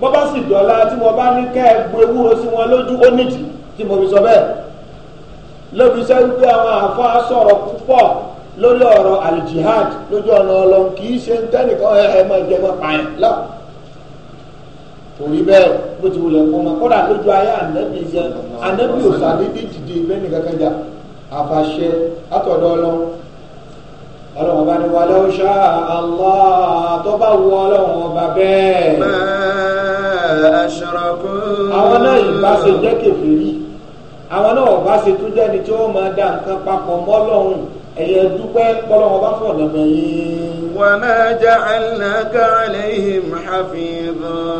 bọ́ sì dọ̀la tí mo bá ní ká ẹ gbowó sí wọn lójú ó tí mo fi sọ bẹ́ẹ̀ lóbi sẹ́ wípé àwọn àfa sọ̀rọ̀ púpọ̀ lórí ọ̀rọ̀ alijihad lójú ọ̀nà ọlọ́run kì í ṣe ń tẹ́nìkan ẹ ẹ máa jẹ máa pààyàn lọ. torí bẹ́ẹ̀ bó ti wulẹ̀ fún ma kódà lójú ayé ànábì jẹ ànábì ò sàdédé dìde bẹ́ẹ̀ni kankan jà àfàṣẹ látọ̀dọ̀ ọlọ́run. ọlọ́run ọba ni wàlẹ́ ọ̀ṣà Allah tó bá wù ọlọ́run ọba bẹ́ẹ̀. máa aṣọ̀rọ̀ kún. àwọn náà ìbáṣe jẹ́ kèfèrí. àwọn náà ọba ṣe tó jẹ́ ni tí wọ́n máa dá nǹkan papọ̀ mọ́ lọ́hùn ẹ̀yẹ dúpẹ́ pọ́lọ́wọ́ bá fọ̀ lọ́mọ yìí. wa ma ja'alnaka alayhim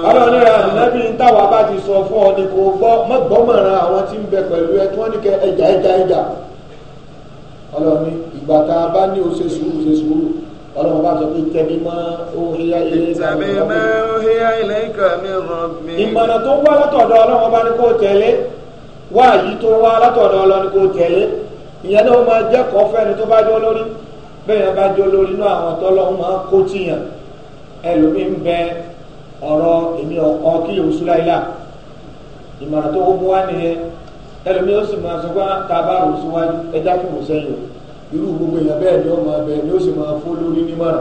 ọlọ́run ń táwa bá ti sọ fún ọ ni kò gbọ́ mọ́gbọ́mọ̀ràn àwọn tí ń bẹ pẹ̀lú ẹ tí wọ́n ní kẹ ẹja ẹja ẹja. ọlọ́run ní o sùúrù sùúrù ọlọ́run bá sọ pé tẹ̀mí wáàyí tó wá látọ̀dọ̀ ọlọ́ni kò tẹ̀lé ìyẹn náà máa jẹ́kọ̀ọ́ fẹ́ni tó bá jó lórí bẹ́ẹ̀ yẹn bá jó lórí inú àwọn tọ́lọ́hún máa kó tìyàn ẹlòmíín bẹ ọ̀rọ̀ èmi ọ̀kan kí yòó sùn láìlá ìmọ̀ràn tó gbogbo wá nìyẹn ẹlòmíín ó sì máa sọ pé tá a bá rò ẹja fún òun sẹ́yìn irú gbogbo èèyàn bẹ́ẹ̀ ni ó máa bẹ ni ó sì máa fó lórí nímọ̀ràn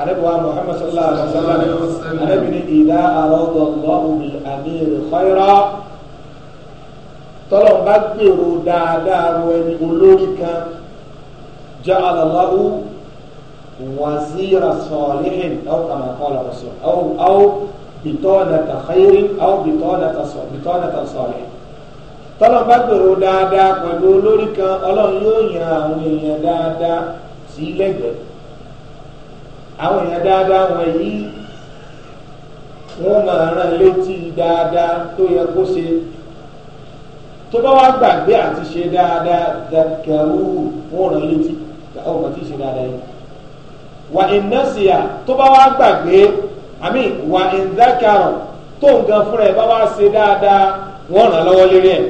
anabiwa muhammad sallallahu alaihi wa sallam anabi ni ìdá àrọ́dọ̀ lọ́hùn bil amir khayra tọ́lọ̀ bá gbèrò dáadáa ro ẹni olórí kan ja'ala lahu wazira salihin aw kama qala rasul aw aw bitanata khairin aw bitanata salihin tọ́lọ̀ bá gbèrò dáadáa pẹ̀lú olórí kan ọlọ́run yóò yan àwọn èèyàn dáadáa sí lẹ́gbẹ̀ẹ́ àwọn èèyàn dáadáa wọn yìí wọ́n máa rán létí dáadáa tó yẹ kó ṣe tó bá wá gbàgbé àti ṣe dáadáa dàkẹ́rù wọn ràn létí káwọn kò tí ì ṣe dáadáa yìí wà ìnásíà tó bá wá gbàgbé àmì wà ìdákàrọ̀ tó nǹkan fúnra ẹ̀ bá wá ṣe dáadáa wọn ràn lọ́wọ́ lérí ẹ̀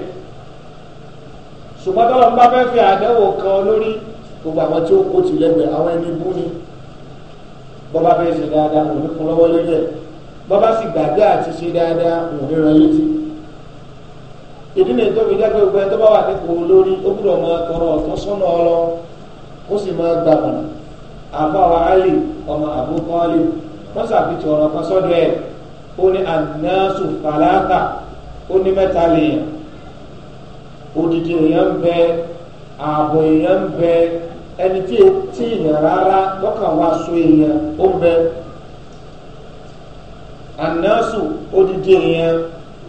ṣùgbọ́n tọ́lọ́ ń bá fẹ́ fi àdánwò kan lórí gbogbo àwọn tí ó kó lẹ́gbẹ̀ẹ́ àwọn ẹni bú ni bọ́bá fẹ́ ṣe dáadáa òun ní kún lọ́wọ́ lérí ẹ̀ bọ́bá sì gbàgbé àti ṣe dáadáa òun ní ìdí ni tóbi dẹ́gbẹ́ gbẹ́ tó bá wà lori lórí ó gbúdọ̀ máa tọrọ ọ̀tún sọ́nà ọlọ ó sì máa gbà wọn àbáwa ali ọmọ Abu wọ́n ọ̀rọ̀ kan sọ́dọ̀ ẹ̀ ó ní anásù fàlàkà ó ní mẹ́ta lèèyàn odidi èèyàn ń bẹ ààbọ̀ èèyàn ń bẹ ẹni tí e tí èèyàn rárá lọ́kàn wá so èèyàn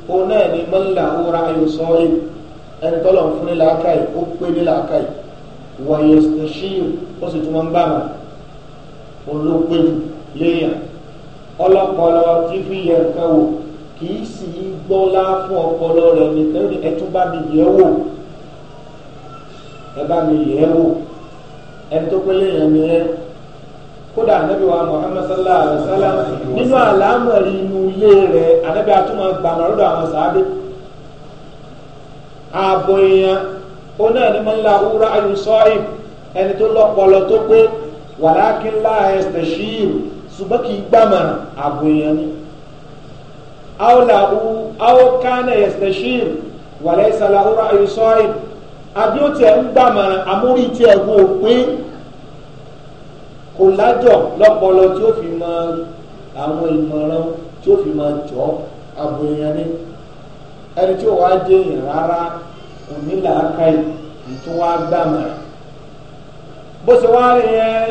òun náà ni mọ́nlá òra ayò sọ ẹ́ ẹni tọ́lọ̀ ń fún ní làákàyè ó pé ní làákàyè wọ̀nyẹ̀ ṣíyù ó sì tún máa ń bà mà òun ló pé jù léèyàn ọlọ́pọlọ tí fi yẹ nǹkan wò kì í sì í gbọ́lá fún ọpọlọ rẹ̀ nìkan ní ẹtún bá mi yẹ̀ wò ẹ bá mi yẹ̀ wò ẹni tó pé léèyàn ni ẹ kódà anabi wa muhammad sallallahu alaihi wa sallam nínú àlámọ̀rí inú ilé rẹ̀ anabi atúmọ̀ gbàmọ̀ lọ́dọ̀ àwọn sàábé ààbò èèyàn ó náà ní mọ́lá wúrà ayùn sọ́ọ̀ìm ẹni tó lọ́pọlọ tó pé wàlákin láà ẹsẹ̀ ṣíìm ṣùgbọ́n kì í gbàmọ̀ràn ààbò èèyàn ni awo kánà ẹsẹ̀ ṣíìm wàlẹ́ wúrà ayùn sọ́ọ̀ìm àbí ó tiẹ̀ ń gbàmọ̀ràn àmúrí tiẹ̀ wò pé kò lájọ lọ́pọlọ tí ó fi mọ àwọn ìmọ̀ràn tí ó fi mọ jọ àbò èèyàn ẹni tí ó wá jẹ èèyàn rárá kò ní làákàyè wá gbàmọ̀ bó ṣe wá rí yẹn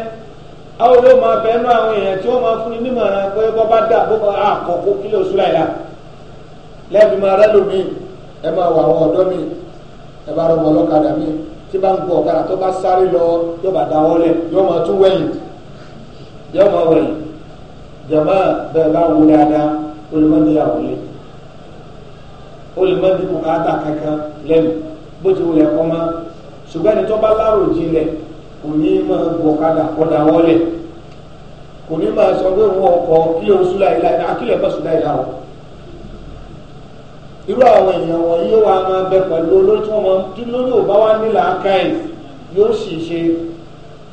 àwọn olóò máa bẹ àwọn èèyàn tí wọ́n máa fún ni nímọ̀ràn pé bá dà bó máa wà mi ẹ bá rọ mi tí bá ń lọ yóò bá yọ ọmọ wẹ̀ jama bẹ́ẹ̀ bá wù dáadáa olùmọ̀dé àwòlé olùmọ̀dé kò ká ta kankan lẹ́nu bó ti wù lẹ̀ kọ́ ma ṣùgbọ́n ẹni tó bá láwò jinlẹ̀ kò ní máa gbọ̀ kadà kọ́dà wọlé kò ní máa sọ pé òun ọkọ̀ kílẹ̀ oṣù láìláì akílẹ̀ mọ̀ sùn láìláì o irú àwọn èèyàn wọ̀nyí wa máa bẹ pẹ̀lú olóòtú wọn lórí òbá wa nílà ákáyì yóò sì ṣe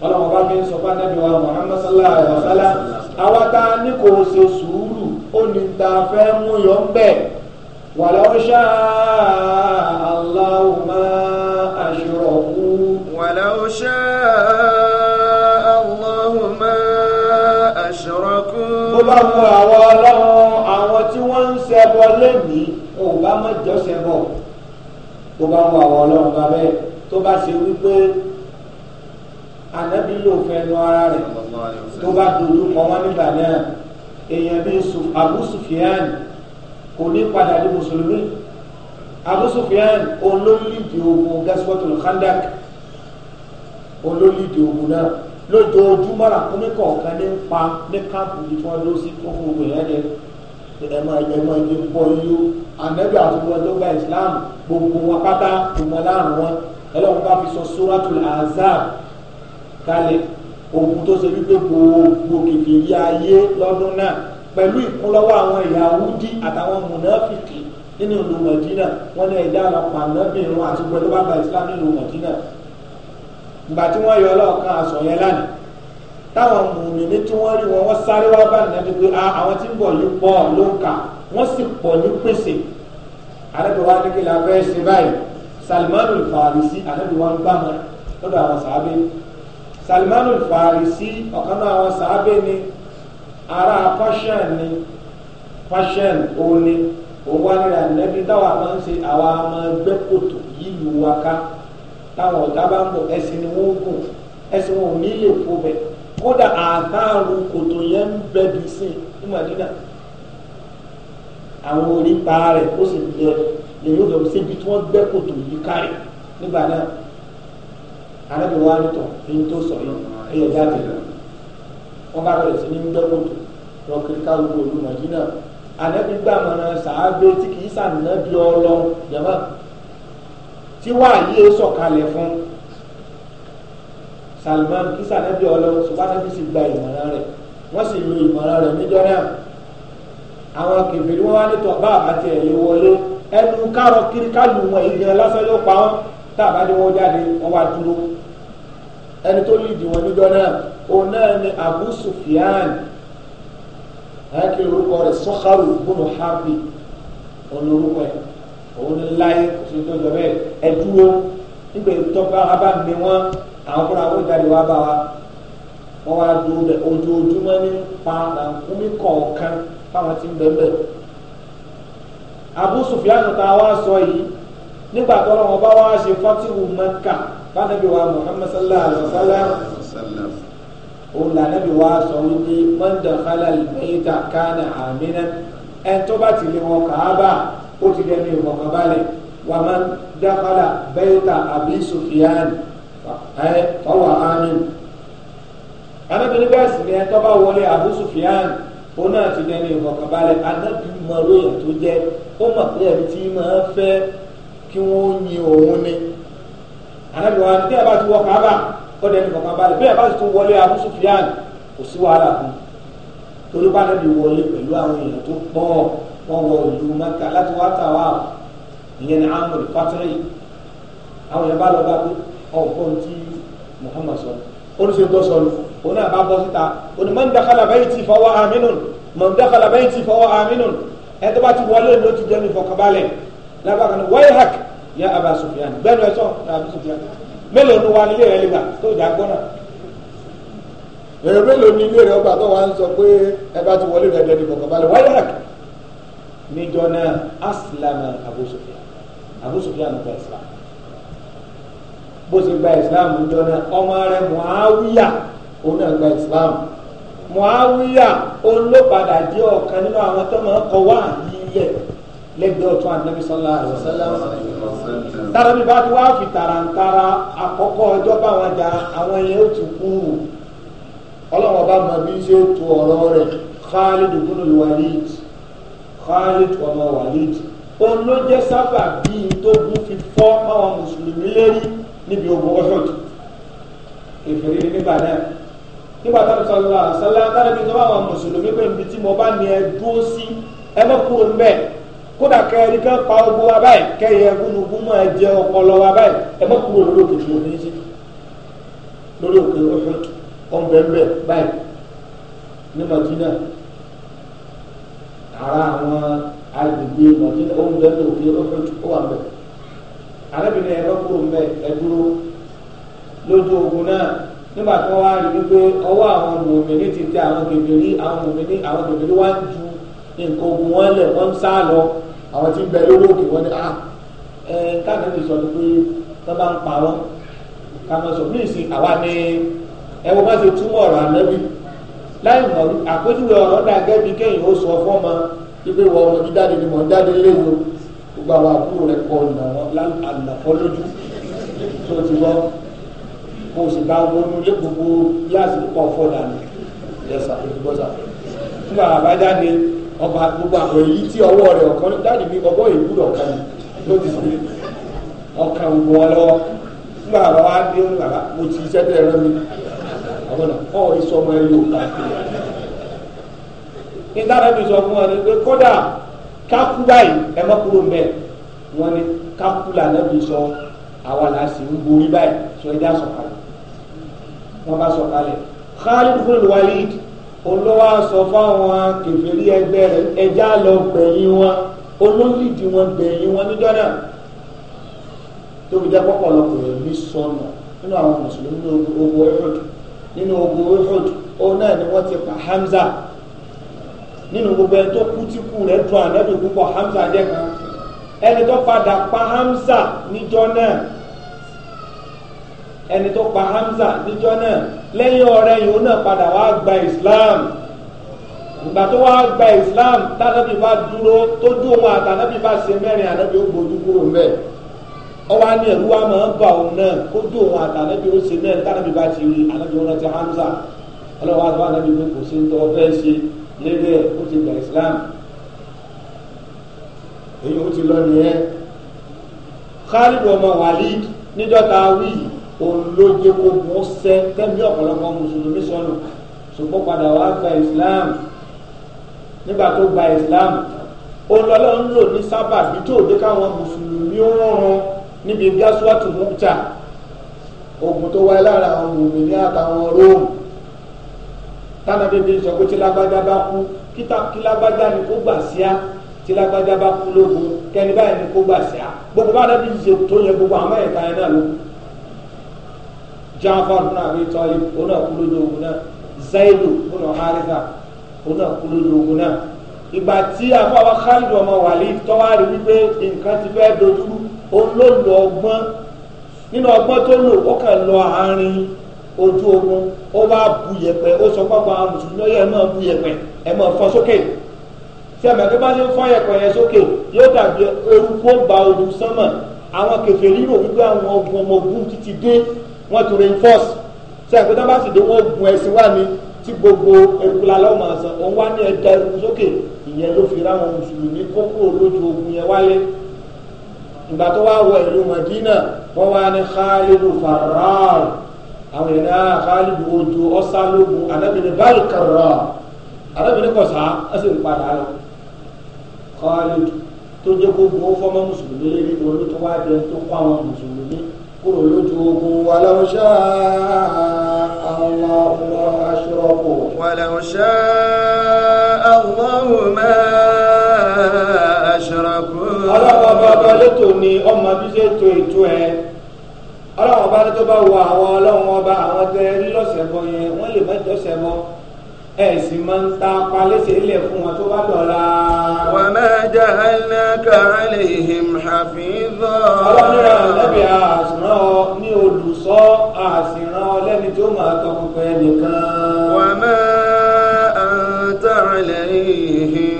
ọlọ́run bá fi ń sọ fún anábìwá Muhammad sallallahu alayhi wa sallam àwa tá a ní kò ṣe sùúrù ó ní ta fẹ́ mú yọ ń bẹ̀ walaw sha'a Allahu ma ashraku. walaw sha'a Allahu ma ashraku. bó bá wù àwọn ọlọ́run àwọn tí wọ́n ń ṣẹbọ lẹ́mìí ò bá má jọ ṣẹbọ bá wù àwọn ọlọ́run bá bẹ́ẹ̀ tó bá ṣe wípé ànábì ló fẹ́ nu ara rẹ̀ tó bá dojú kọ wọn nígbà náà èèyàn bíi Abu Sufyan kò ní padà ní mùsùlùmí Abu Sufyan olólìdì ogun gaswatul Khandak olólìdì ogun náà lójoojúmọ́ la kó mi kọ̀ọ̀kan ní pa ní káàpù yìí tí wọ́n lọ sí fún gbogbo yẹn dẹ ẹ̀mọ ẹ̀mọ ẹ̀dẹ pọ̀ yíyó anabi àtúwọ̀ tó gba Islam gbogbo wọn pátá ìmọ̀láàrún wọn ẹlẹ́wọ̀n bá fi sọ Suratul Azab kalẹ̀ ogun tó ṣe wípé gbogbo kìkì yí ayé lọ́dún náà pẹ̀lú ìkúnlọ́wọ́ àwọn Yahudi àtàwọn mùnàfìkì nínú ìlú Mọ̀dínà wọn ní ẹ̀dá ọlọ́pàá nọ́bìnrin àti pẹ̀lú bàbá Islam nínú Mọ̀dínà ìgbà tí wọ́n yọ ọlọ́ọ̀kan aṣọ yẹn lánàá táwọn mùmìnì tí wọ́n rí wọn wọ́n sáré wá bá nìyẹn pé ah, àwọn tí ń bọ̀ yìí pọ̀ ló ń kà wọ́n sì pọ̀ ní pèsè àdébò wa ní kí la fẹ́ ṣe báyìí Salman al-Farisi àdébò wa ń gbà wọn lọ́dọ̀ àwọn sàábé Salmanu Farisi ọ̀kan náà àwọn sàábé ni ará Persian ni Persian òun ni òun wá nílẹ̀ ànẹ́bí táwa máa ń ṣe àwa máa gbẹ́ kòtò yílu wa ká táwọn ọ̀tá bá ń bọ̀ ẹ̀sìn ni wọ́n gùn ẹ̀sìn wọn ò ní lè fo bẹ̀ kódà àtàrù kòtò yẹn ń bẹ bí sí ní Madina àwọn orí pa ó sì yẹ lèyìn òfin síbi tí wọ́n gbẹ́ kòtò yìí kárẹ̀ nígbà náà anábìrì wa nìtọ̀ ẹni tó sọ yìí ẹ̀yẹ jáde wọ́n bá bẹ̀rẹ̀ sí ní dọ́gbọ̀tò wọn kiri ká gbogbo olú màdínà anábì gbàmọ̀nà sàábé tí kì í sàmìnà bí ọlọ jẹ̀mọ́ tí wàá yé sọ̀kalẹ̀ fún Salman kì í sàmìnà bí ọlọ ṣùgbọ́n anábì sì gba ìmọ̀ràn rẹ̀ wọ́n sì lo ìmọ̀ràn rẹ̀ níjọ́ náà àwọn kèfèrí wọn wá nítọ̀ bá àbátì ẹ̀yẹ wọlé ẹnu kárọ̀ kiri ká lù wọn ìgbìyànjú lásán yóò pa wọn tá àbájọ wọn jáde wọn wá dúró ẹni tó lìdì wọn níjọ náà òun náà ni Abu Sufyan ẹ̀kí orúkọ rẹ̀ sọ́kàrù gbọ́dọ̀ hábì òun ni orúkọ ẹ̀ òun ni láyé òṣèlú tó jọ bẹ́ẹ̀ ẹ dúró nígbà tó bá wa bá mi wọn àwọn fúnra wọn jáde wá bá wa wọn wá dúró bẹ ojoojúmọ́ ní pa àkúmí kọ̀ọ̀kan fáwọn tí ń bẹ bẹ Abu Sufyan ta wá sọ yìí nígbà tó lọ́wọ́ bá wá ṣe fọ́tíwù Mẹ́kà bánàbí wa muhammad sallallahu alayhi wa sallam òun lànàbí wa sọ wípé mọ́ndà kálálì mẹ́ta kánà àmínà ẹni tó bá ti lè wọ kàábà ó ti dẹni ìwọ̀kànbalẹ̀ wà máa ń dákàlà bẹ́ẹ̀ta àbí sùfìyàn fọwọ́ àmín anábìrin bẹ́ẹ̀ sì ni ẹni tó bá wọlé àbú sùfìyàn òun náà ti dẹni ìfọkànbalẹ̀ anábì mọ lóyè tó jẹ ó mọ pé ẹni tí máa fẹ́ kí wọn yin òun ni anabi wa bí a bá ti wọ kaaba ó dẹni kankan balẹ̀ bí a bá ti tún wọlé Abu Sufyan kò sí wàhálà kan torí bá nàbí wọlé pẹ̀lú àwọn èèyàn tó pọ̀ wọn wọ ìlú Mẹ́kà láti wá tà wá ìyẹn ní amúlì fatiri àwọn èèyàn bá lọ bá pé ọ̀pọ̀ ti Muhammad sọ oníṣẹ́ tó sọ lù òun náà bá bọ́ síta òní man dakhala bayti fahuwa aminun man dakhala bayti fahuwa aminun ẹ̀ tó bá ti wọlé ló ti jẹ́ ní ìfọkànbalẹ̀ lábàkan wáyé hàkì. ya abá sùfìyàn sọ mélòó ni wà nílé rẹ̀ lẹ́gbà tó dà gbọ́nà. èrè mélòó ni ilé ọgbà tó wà ń sọ pé ẹ bá ti wọlé rẹ̀ wáyé níjọ náà asilamu Abu Sufyan Abu Sufyan gba islam bó gba islam níjọ náà ọmọ Muawiya òun náà gba lẹ́gbẹ̀ẹ́ ọ̀tún ànábì sọ́lá àlùsọ́lá. tárábì bá ti wá fi tàràǹtàrà àkọ́kọ́ ọjọ́ bá wọn jà àwọn yẹn ó ti kú wò ọlọ́wọ́n bá mọ bí ṣe ó tu ọ̀rọ̀ rẹ̀ Khalid ibn Walid Khalid ọmọ Walid òun ló jẹ́ sábà bíi tó bú fi fọ́ báwọn mùsùlùmí lérí níbi ogun ọ̀ṣọ́d èfèrè nígbà náà nígbà táwọn sọlá sọlá táwọn ibi tó bá wọn mùsùlùmí pé ibi tí mo bá ní ẹ dúró sí ẹ mọ̀ kúrò ń kódà kẹrin kan pa ogun wa báyìí kẹyìn ẹgúnnugún máa jẹ ọpọlọ wa báyìí ẹ má kúrò lórí òkè tí mo ní lórí òkè ọ̀hún ọ̀nbẹ̀ẹ̀bẹ̀ báyìí ní madina ara àwọn agbègbè madina ọ̀nbẹ̀ẹ̀bẹ̀ òkè ọ̀hún ó wà bẹ̀ arábìnrin ẹ má kúrò mbẹ ẹ lójú ogun náà nígbà tí wá rí wípé ọwọ́ àwọn mòmìnì ti tẹ àwọn kèbèrè àwọn mòmìnì àwọn kèbèrè wá ju nǹkan ogun wọn lẹ̀ wọ́n ń sá lọ àwọn tí ń bẹ lórí òkè wọn ni ah ẹ káàkiri ti sọ ni pé tó bá ń parọ́ ká máa sọ bí ìsìn àwa ni ẹ wọ́n bá ṣe túmọ̀ ọ̀rọ̀ ànábì láì mọ̀ àpèjúwe ọ̀rọ̀ dà gẹ́bí kéèyàn ó sọ fọ́mọ ibi wọ ọmọ jíjáde ni mò ń jáde léwu gbogbo àwọn àbúrò rẹ kọ ànàfọ́ lójú tó ti wọ́ kó o sì bá wọnú lé gbogbo yáàsì pọ̀ fọ́ dànù yẹ sàfẹ́ gbọ́ sàfẹ́ àbájáde ọba gbogbo àwọn èyí tí ọwọ́ rẹ̀ ọ̀kan dáàdì mi ọgbọ́ ìwúrọ̀ kan ló ti fi ọkàn gbọ́ ọ lọ́wọ́ nígbà bàbá wa dé ń bàbá mo ti iṣẹ́ tẹ̀ rán mi àwọn náà ọ̀ ìṣọ́ ọmọ ẹ yóò bá fi ní dáadáa mi sọ fún wọn pé kódà kákú báyìí ẹ má kúrò mbẹ wọn ni kákú lànà mi sọ àwa là sì ń borí báyìí sọ ẹ dá sọ̀kalẹ̀ wọn bá sọ̀kalẹ̀ Khalid fúnni Walid olówó aṣọ fáwọn kẹfẹ́rí ẹgbẹ́ rẹ̀ ẹja lọ gbẹ̀yìn wọn olólìdí wọn gbẹ̀yìn wọn níjọ́ náà tóbi jẹ́ pọ́pọ́lọpọ̀ rẹ̀ ní sọnù nínú àwọn mùsùlùmí ogun ehud nínú ogun ehud òun náà ni wọ́n ti pa Hamza nínú gbogbo ẹni tó kú tí kú rẹ̀ dùn ànábì púpọ̀ Hamza jẹ́ kan ẹni tó padà pa Hamza níjọ́ náà ẹni tó pa Hamza níjọ́ náà lẹ́yìn ọ̀rẹ́ yìí ó náà padà wá gba islam ìgbà tó wá gba islam tánàbí bá dúró tó dún òun àtànàbí bá ṣe mẹ́rin ànábì ó gbójú kúrò ń bẹ̀ ọwọ́ á ní ẹ̀rú wa máa ń bà òun náà kó dún òun àtànàbí ó ṣe mẹ́rin tánàbí bá ti rí ànábì ó rántí hamza ọlọ́wọ́ àti ànábì pé kò sí ń tọ́ fẹ́ ṣe lédè ó ti gba islam èyí ó ti lọ nìyẹn khalid ọmọ walid níjọ́ ta wíyì olóje kó mú sẹ́ tẹ́bí ọ̀pọ̀lọpọ̀ mùsùlùmí sọnù ṣùgbọ́n padà wá gba islam nígbà tó gba islam olọ́lọ́ ń lò ní sábà bí tó dé káwọn mùsùlùmí ó rọrùn níbi bí aṣọ́tù mọ́tà ogun tó wáyé lára àwọn mùmìnì àtàwọn róòmù tánàbí bí sọ pé tí lágbájá bá kú kí lágbájá ni kó gbà síá tí lágbájá bá kú lógun kẹni báyìí ni kó gbà síá gbogbo bá dábìí ṣe tó yẹ gbogbo àwọn ẹ̀ka ẹ̀ náà lógun jaafar bin abi talib ona kú lójú ogun náà zaidu bin haritha ona kú lójú ogun náà ìgbà tí afọwọ́ khalid ọmọ walid tọ́wárí wípé nǹkan ti fẹ́ dojú ó ló lọ ọgbọ́n nínú ọgbọ́n tó lò ó kàn lọ àárín ojú ogun ó bá bu yẹ̀pẹ̀ ó sọ pápá mùsùlùmí ọyẹ ẹ máa bu yẹ̀pẹ̀ ẹ máa fọ́ sókè tí ẹ̀mẹ̀ tó bá ṣe ń fọ́ yẹ̀pẹ̀ yẹn sókè yóò dàbí eruku ó ba ojú sánmà àwọn kèfèrí rò wípé àwọn ọgbọ̀n ọmọ ogun ti ti wọ́n tún reinforce ṣe àgbẹ̀tàn bá sì dé wọ́n gun ẹ̀sìn wá ní tí gbogbo erukula lọ́wọ́ máa san òun wá ní ẹja eruku sókè ìyẹn ló fi ráwọn mùsùlùmí kó kúrò lójú ogun yẹn wáyé ìgbà tó wá wọ ìlú Madina wọ́n wá ní Khalidu farar àwọn yẹn náà ah, Khalidu ojú ọ̀sálógún anábìnrin balkara anábìnrin kọ̀sá ẹsẹ̀ ń padà lọ Khalidu tó jẹ́ gbogbo fọmọ mùsùlùmí lórí olótọ́wá jẹun tó kọ́ àwọn mùsùlùmí kúrò lójú ogun walau sha'a Allahu ma ashraku. walau sha'a Allahu ma ashraku. ọlọ́wọ́ bá bá létò ni ọmọ bí ṣe to ètò ẹ ọlọ́wọ́ bá ní tó bá wọ àwọn ọlọ́wọ́ bá àwọn tẹ rí lọ́sẹ̀ bọ yẹn wọ́n lè má jọ́sẹ̀ bọ́ ẹ̀sìn máa ń ta palẹ́sẹ̀ ilẹ̀ fún wọn tó bá dọ̀la. wa ma ja'alnaka alayhim hafiza. ọlọ́nira lẹ́bi àṣìrán ọ ní olùsọ àṣìrán ọ lẹ́ni tó máa tọkùnkùn ẹnìkan. wa ma anta alayhim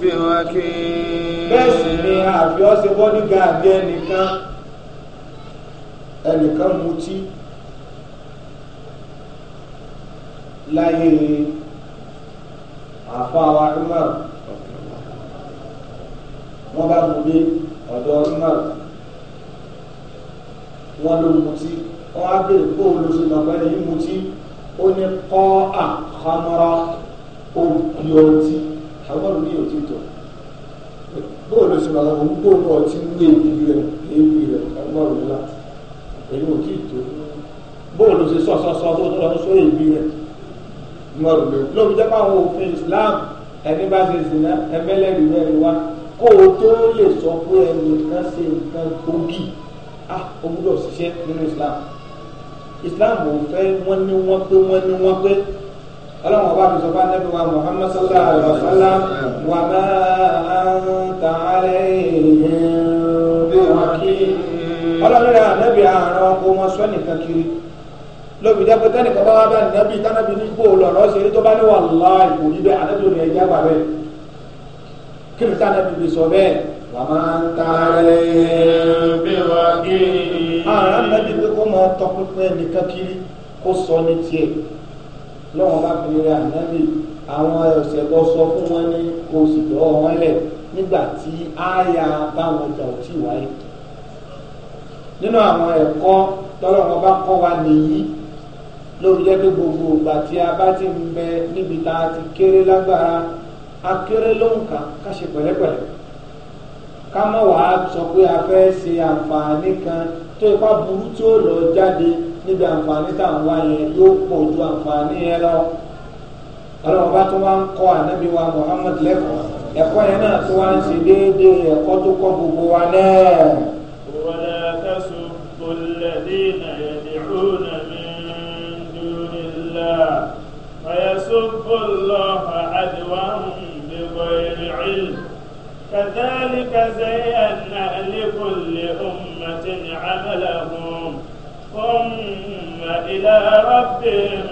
biwakil. bẹ́ẹ̀ sì ni àfi ọ́ ṣe bodyguard ẹnìkan ẹnìkan mutí láyé àfa wa Umar wọ́n bá mú dé ọ̀dọ̀ Umar wọ́n ló mutí wọ́n á bèrè kó o lọ sí lọ́gbẹ́ni yìí mutí ó ní kọ́ àkàmọ́ra ó bí ọtí àwọn olùdí yóò ti tọ̀ bó o lọ sí lọ́gbẹ́ni òun kó o lọ ọtí ń gbé ìdí rẹ̀ èébì rẹ̀ àwọn olùdí la èyí ò tí ì tó bó o lọ sí sọ́sọ́sọ́ tó tọ́ lọ sórí ìbí rẹ̀ umaru lò lóbi jẹ́ pé òfin islam ẹni bá ṣe zina ẹmẹ́lẹ́rì mẹ́rin wá kó o tó lè sọ pé ẹni kan ṣe nǹkan gbòógì ah o gbúdọ̀ ṣiṣẹ́ nínú islam islam ò fẹ́ wọ́n ní wọ́n pé wọ́n ní wọ́n pé ọlọ́run ọba àti sọ́kà nẹ́bí wa muhammad sallallahu alayhi wa sallam wa ma anta alayhim bi wakil ọlọ́run rẹ̀ ànẹ́bí àrùn ọkọ̀ wọn sọ nìkan kiri lóbi dẹ́pẹ́ tẹ́nìkan bá wá bẹ́ẹ̀ nìyẹn bíi tánàbí ní gbòó lọ́rọ́ ṣe eré tó bá ní wàláhì kò rí bẹ́ẹ̀ àlejò rẹ̀ yá gbà bẹ́ẹ̀ kí ni tánàbí fi sọ bẹ́ẹ̀ wà máa ń taarẹ̀ bí wà kí. àwọn anábì pé kó máa tọpinpin nìkan kiri kó sọ ní tiẹ̀ lọ́wọ́n bá fi rẹ ànábì àwọn ọ̀sẹ̀ lọ sọ fún wọn ní oṣù lọ́wọ́ wọn lẹ̀ nígbà tí àyà báwọn ọjà ò tí wáyé nínú àwọn ẹ̀kọ́ tọ́lọ́wọ́n bá kọ́ wa nìyí. lórí jẹ́ pé gbogbo ìgbà tí a bá ti ń bẹ níbi tá a ti kéré lágbára a kéré lóǹkà ká ṣe pẹ̀lẹ́pẹ̀lẹ́ ká mọ̀ wá sọ pé a fẹ́ ṣe àǹfààní kan tó ipá burú tí ó lọ jáde níbi àǹfààní tá à ń wá yẹn yóò pọ̀ gbogbo wa يسب الله عدوا بغير علم كذلك زينا لكل أمة عملهم ثم إلى ربهم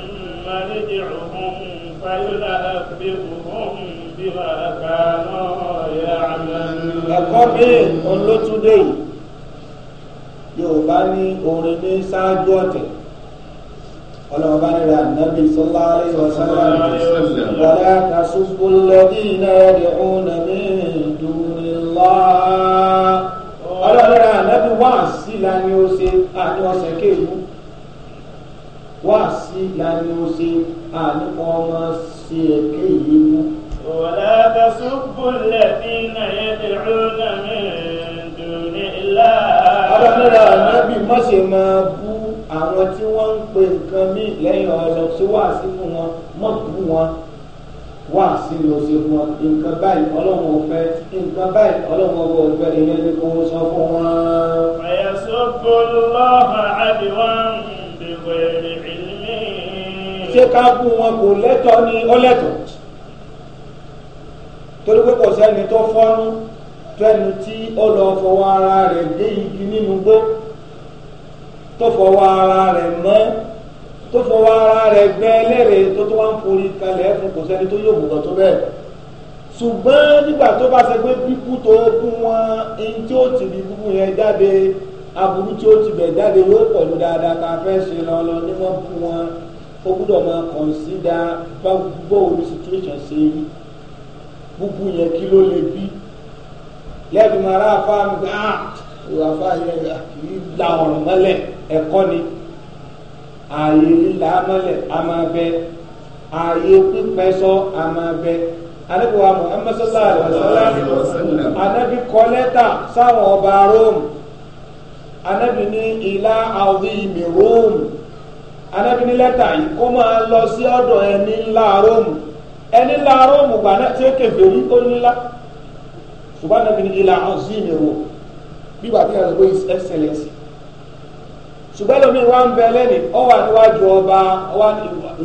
مرجعهم فينبئهم بما كانوا يعملون. ẹ̀kọ́ bíi yorùbá ní orin ní ṣáájú ọ̀tẹ̀ ọlọ́run bá nira nàbí sọlá àlẹ́sọ̀sọ́lá wàlá tasubbu alladhina yad'una min dunillah ọlọ́run ra nàbí wáàsí lani ó ṣe àní ọ̀sẹ̀ kéwù wáàsí lani ó ṣe àní ọmọ ṣe èké yìí mú. wàlá tasubbu alladhina yad'una min dunillah ọlọ́run ra nàbí má ṣe máa bú àwọn tí wọ́n ń pe nǹkan mí lẹ́yìn ọ̀rọ̀ tí wà sí fún wọn mọ́tò wọn wà sí lọ wọn nǹkan báyìí ọlọ́run ọ̀fẹ́ nǹkan báyìí ọlọ́run ọ̀fẹ́ ọ̀fẹ́ ìyẹn ni kò sọ fún wọn. ṣé ká bú wọn kò lẹ́tọ̀ọ́ ni ó lẹ́tọ̀ọ́ torí pé kò sẹ́ni tó fọ́nú tó ẹni tí ó lọ fọwọ́ ara rẹ̀ dé igi nínú gbó tó fọwọ́ ara rẹ̀ mọ́ tó fọwọ́ ara rẹ̀ gbẹ́ ẹlẹ́rẹ̀ tó tó wá ń forí kalẹ̀ fún kò sẹ́ni tó yóò bùkàn tó bẹ́ẹ̀ ṣùgbọ́n nígbà tó bá ṣe pé bíkú tó kún wọn ẹni tí ó ti bí búburú yẹn jáde aburú tí ó ti bẹ̀ jáde yóò pọ̀jù dáadáa ká fẹ́ ṣe lọ lọ ní wọ́n bú wọn ó gbúdọ̀ máa kọ̀nsídà gbọ́ omi situation ṣe rí búburú yẹn kí ló lè bí lẹ́bi màrá àfa gbà á ìwàfà yẹn kì í la ọ̀rọ̀ mọ́lẹ̀ ẹ̀kọ́ ni ààyè líla mọ́lẹ̀ a máa bẹ ààyè pípẹ́ sọ a máa bẹ anabiwa muhammad sallallahu alaihi wa sallam anabi kọ lẹ́tà sáwọn ọba rome anabi ní ilá azimi rome anabi ní lẹ́tà yìí kó máa lọ sí ọ̀dọ̀ ẹni ńlá rome ẹni ńlá rome gbà tí ó kẹfẹ́ òun ó nílá ṣùgbọ́n anabi ní ilá azimi rome bí wàá fi hàn pé his excellence ṣùgbọ́n lómi wa ń bẹ lẹ́nu ọ wà níwájú ọba ọwá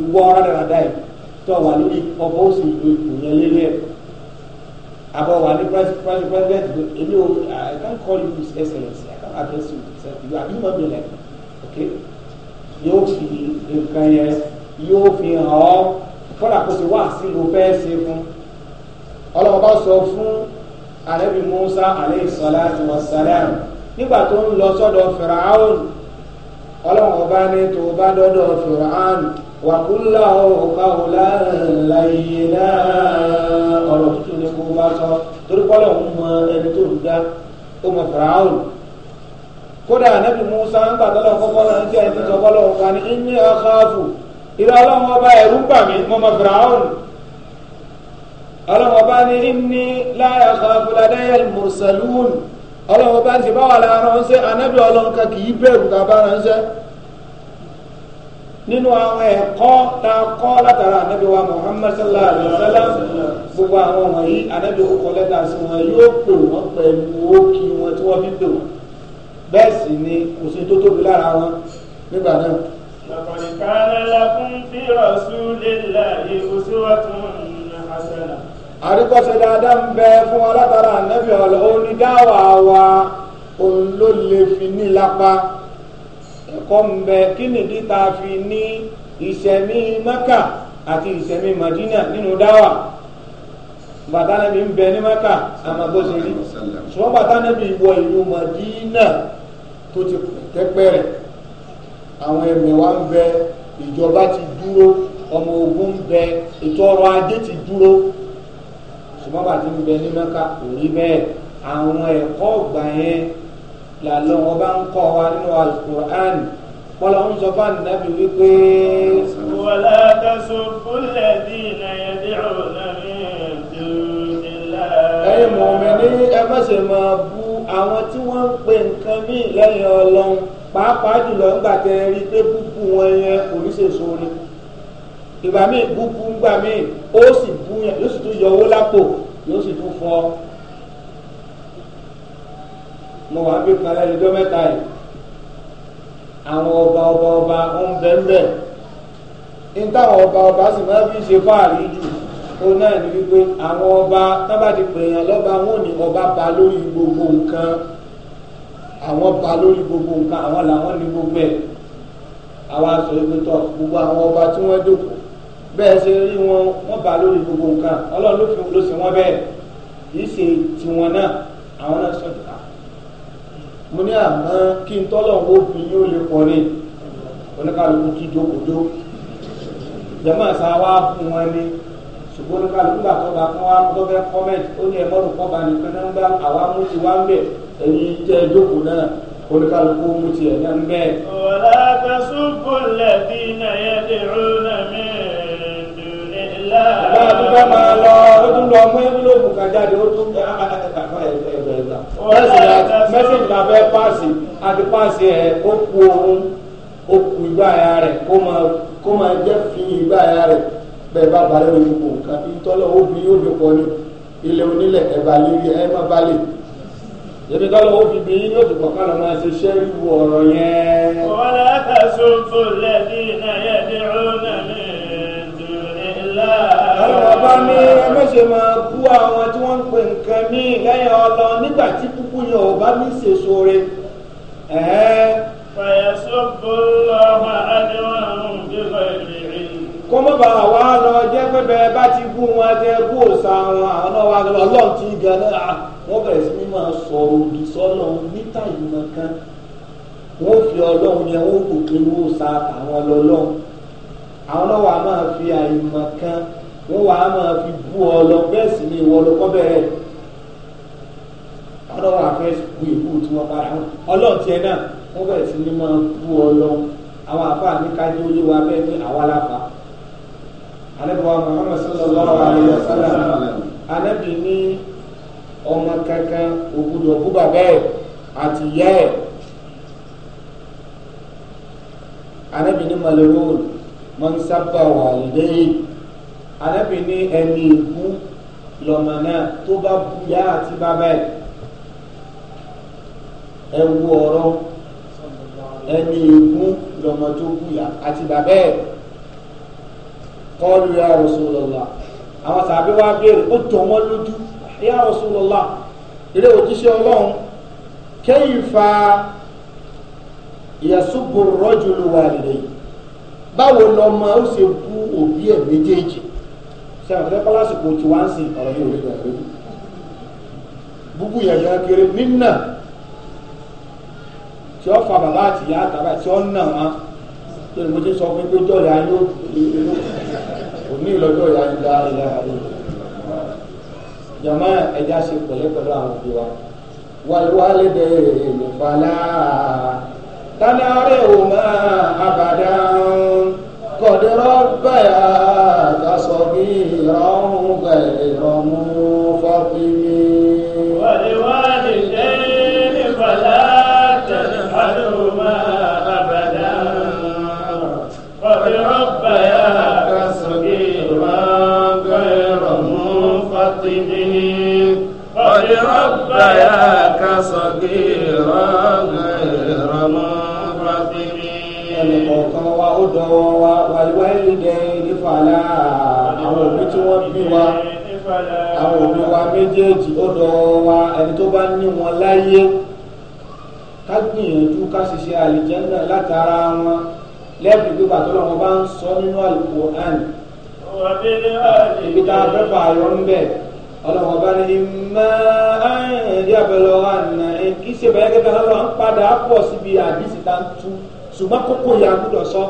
ìwọ rádaràdà ẹ̀ tó wà lórí ọba ó sì lo ipò lé lẹ́ẹ̀ àbọ̀ wà ní president èmi ò I can't call you his excellence I can't address you you are human being like okay yóò fi nǹkan yẹn yóò fi hàn ọ́ fọlá kó ṣe wá sí ló fẹ́ ṣe fún ọlọ́mọba sọ fún anabi musa aleyhi salatu wa salam nígbà tó ń lọ sọ́dọ̀ fìràhàn ọlọ́run ọba ní tó bá dọ́dọ̀ fìràhàn wàkúlà ọ̀ka ọ̀la làyìnà ọ̀rọ̀ tuntun ni kò bá sọ torí pọ́lọ̀ ń mọ ẹni tó ń dá ó mọ fìràhàn kódà anabi musa ń gbàdọ́lọ́ kọ́kọ́ náà jẹ́ ẹni tó bọ́lọ̀ ọ̀ka ní ní akáfù ìrọ̀ ọlọ́run ọba ẹ̀rú gbà mí mọ́mọ́ fìràhàn ọlọ́wọ́ bá ní inni láyà kọ́fúladẹ́yẹ mùsàlùún ọlọ́wọ́ bá ti bá wà lára ránṣẹ́ anábì ọlọ́nkà kì í bẹ̀rù ká bá ránṣẹ́ nínú àwọn ẹ̀kọ́ tá a kọ́ látara anábì wa Muhammad sallallahu alayhi wa sallam gbogbo àwọn wọ̀nyí anábì kọ́ lẹ́tà sí wọn yóò pè wọ́n pẹ̀lú òkì wọn tí wọ́n fi pè wọ́n bẹ́ẹ̀ sì ni kò sí tó tóbi lára wọn nígbà náà. لقد كان لكم في رسول الله أسوة حسنة àríkọ́sẹ̀ dáadáa ń bẹ fún alátara ànẹ́bí ọ̀lọ́ ó ní dáwà wa òun ló lè fi ní lápá ẹ̀kọ́ ń bẹ kí nìdí ta fi ní ìṣẹ̀mí mẹ́kà àti ìṣẹ̀mí madina nínú dáwà bàtánẹ́bí ń bẹ ní mẹ́kà àmàgbọ́sẹ̀ rí ṣùgbọ́n bàtánẹ́bí wọ ìlú madina tó ti tẹ́pẹ́ rẹ̀ àwọn ẹ̀mẹ̀wá ń bẹ ìjọba ti dúró ọmọ ogun ń bẹ ètò ajé ti dúró ṣùgbọ́n bàtí ń bẹ ní mẹ́ka kò rí bẹ́ẹ̀ àwọn ẹ̀kọ́ ọ̀gbà yẹn làlọ́ wọn bá ń kọ́ wa nínú alukur'an kọ́lá ń sọ fún ànábì wípé. wàlá tasùn fúnlẹ̀ dín náà yẹn dín òun náà ní ìdúnnìlá. ẹ̀yin mọ̀mí ní ẹ má ṣe máa bú àwọn tí wọ́n ń pe nǹkan míì lẹ́yìn ọlọ́run pàápàá jùlọ ńgbà tẹ́ rí pé búbú wọn yẹn kò ní ṣèṣore ìgbà míì búkú ńgbà míì ó sì bú yàn yóò sì tún yọ owó lápò yóò sì tún fọ mo wà bí kalẹ̀ lọ́jọ́ mẹ́ta yìí àwọn ọba ọba ọba ń bẹ ń bẹ ní táwọn ọba ọba sì máa fi ṣe fáàrí jù ó náà ní wípé àwọn ọba tábà ti pè yàn lọ́ba wọn ò ní ọba ba lórí gbogbo nǹkan àwọn ba lórí gbogbo nǹkan àwọn làwọn ní gbogbo ẹ̀ àwọn aṣọ ìgbẹ́tọ̀ gbogbo àwọn ọba tí wọ́n jókòó bẹ́ẹ̀ ṣe rí wọn wọ́n bá lórí gbogbo nǹkan ọlọ́run ló fi ló ṣe wọ́n bẹ́ẹ̀ kì í ṣe tiwọn náà àwọn náà sọ jùlọ. mo ní àmọ́ kí n tọ́lọ̀ wo bí yóò lè pọ̀ ní oníkàlùkù kí jókòó jẹ́mọ̀ sá wá fún wọn ní ṣùgbọ́n oníkàlùkù gbà tó bá fún wa tó fẹ́ kọ́mẹ̀tì ó ní ẹ̀mọ́rù kọ́ bá ní pé náà ń gbà àwa mú ti wá ń bẹ̀ ẹ̀yìn jẹ́ jókòó náà oníkàlùkù mú ti ẹ̀ náà ń bẹ̀. ọ̀la tasubbu alladhina yad'una bá a tún fẹ́ máa lọ ó tún lọ mú ẹ́ńfílóòpù kan jáde ó tún mẹ́sẹ̀jì la fẹ́ páàsì àti páàsì ẹ̀ ó ku ohun ó ku ìgbà ya rẹ̀ kó máa kó máa jẹ́ fi ìgbà ya rẹ̀ bẹ́ẹ̀ bá balẹ̀ lójú kò bí yóò ti kọ̀ọ̀kan lọ́mọ ẹ̀ ṣe ṣẹ́rí wọ̀ọ̀rọ̀ yẹn. wọ́n lọ́ọ́ fẹ́ sọ́ńtò lẹ́ẹ̀dínlẹ́yẹ. bá ní ma máa bú àwọn tí wọ́n ń pè nǹkan míì lẹ́yìn ọlọ nígbà tí kúkú yẹn ò bá ní ṣèṣo rẹ. kó má bàa lọ jẹ́ ti bú wọn bú àwọn náà wá lọ ti náà ah, wọ́n bẹ̀rẹ̀ sí ní máa sọ́nà níta ìmọ̀ fi ọlọ́run wọ́n wà á máa fi bú ọ lọ bẹ́ẹ̀ sì ni ìwọ ló kọ́ bẹ̀rẹ̀ ọlọ́run àfẹ́ bu ìbú tí wọ́n para wọn ọlọ́run tiẹ̀ náà wọ́n bẹ̀rẹ̀ sí ni máa bú ọ lọ àwọn àfáà ní kájí ó yé wa bẹ́ẹ̀ ní àwa láfa anabiwa muhammad sallallahu alayhi wa sallam anabi ní ọmọ kankan ògùdọ̀ bú bàbá àti ìyá ẹ̀ anabi ní malewol mọ́nsábà wà lẹ́yìn anabi ní ẹni ìbú lọ́mọ náà tó bá bu yá àti bàbá ẹ̀ ẹ wú ọ̀rọ̀ ẹni ìbú lọ́mọ tó bu yá àti bàbá ẹ̀ kọ́ọ̀lù ya Rasulullah àwọn sàbí wa béèrè ó jọ wọ́n lójú ya Rasulullah ilé òjíṣẹ́ ọlọ́run kayfa yasubbu ar-rajulu walidayhi báwo lọ́mọ ó ṣe bú òbí ẹ̀ méjèèjì ṣe àwọn ìfẹ́ lásìkò tí wọ́n á sìn ọ̀rọ̀ yìí ò lè bẹ̀rẹ̀ lójú búbú yẹ̀yẹ́ kéré nínà tí ó fa bàbá àti ìyá àtàbà tí ó nà wọn tó ní mo ti sọ fún gbẹjọ ìyá yóò òní ìlọjọ ìyá yóò dá ilé ayé jama ẹja ṣe pẹ̀lẹ́pẹ̀lẹ́ àwọn òbí wa wàlúwàlẹ dẹ ìlúfàlà tánárẹ ò máa abàdàn kọdẹrọ báyà. الأرض للمنفقين ولوالدين فلا تجعلهما أبدا وبربياك صغيرا غير منفطن وبربياك صغيرا غير منفطن ẹnì kọ̀ọ̀kan wa ó dọ̀wọ́ wa wàlúwàlú dẹ́yìn nípa láàá àwọn òbí tí wọ́n bí wa àwọn òbí wa méjèèjì ó wa ẹni tó bá ní wọn láyé ká gbìyànjú ká ṣiṣẹ́ àlìjẹ́ńdà látara wọn lẹ́ẹ̀kì pípa tó lọ́wọ́ bá ń sọ nínú Al-Qur'an ibi tá a ń bẹ̀ ọlọ́wọ́ bá ní imma an yablughanna kí ṣe bẹ́ẹ̀ gẹ́gẹ́ lọ́wọ́ ń padà pọ̀ síbi àdìsí tá a tú ṣùgbọ́n kókó yà gbúdọ̀ sọ.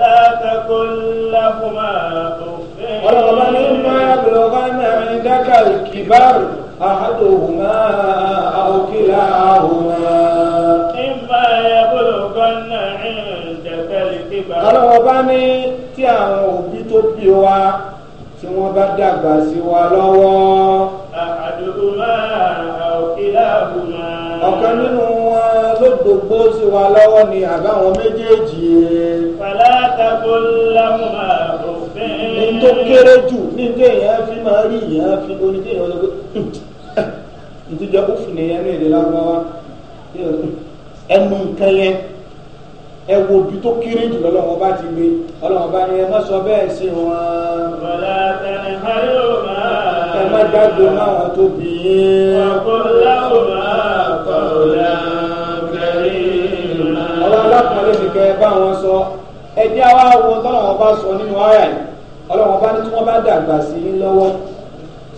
ولا تقل لهما أف ولهما يبلغن عندك الكبر أحدهما أو كلاهما إما يبلغن عندك الكبر ọlọ́wọ́ba ní tí àwọn òbí tó bí wa tí wọ́n bá dàgbà sí wa lọ́wọ́. àdùnnú máa ò kí láàbù máa. ọ̀kan nínú kó sí wa lọ́wọ́ ni àbáwọn méjèèjì. fàlà tako lámà òfin. ní tó kéré jù ní téèyàn fi máa rí ìyàn fi oní téèyàn lọ pé ìtújọ kó fìnnà yẹn ní èdè lágbáwá ẹnu nǹkan yẹn ẹ wo ibi tó kéré jù lọ́wọ́ bá ti gbé ọlọ́wọ́ bá ní má sọ bẹ́ẹ̀ sí wọn. bọ̀dá tẹni ayọ̀ máa. ẹ má jágbe máwọn tóbi. ọ̀pọ̀ láwọn máa. kan lè nìkẹ́ bá wọn sọ ẹjẹ́ wa wo tọ́lọ́wọ́n bá sọ nínú ara yìí ọlọ́wọ́n bá ní tí wọ́n bá dàgbà sí i lọ́wọ́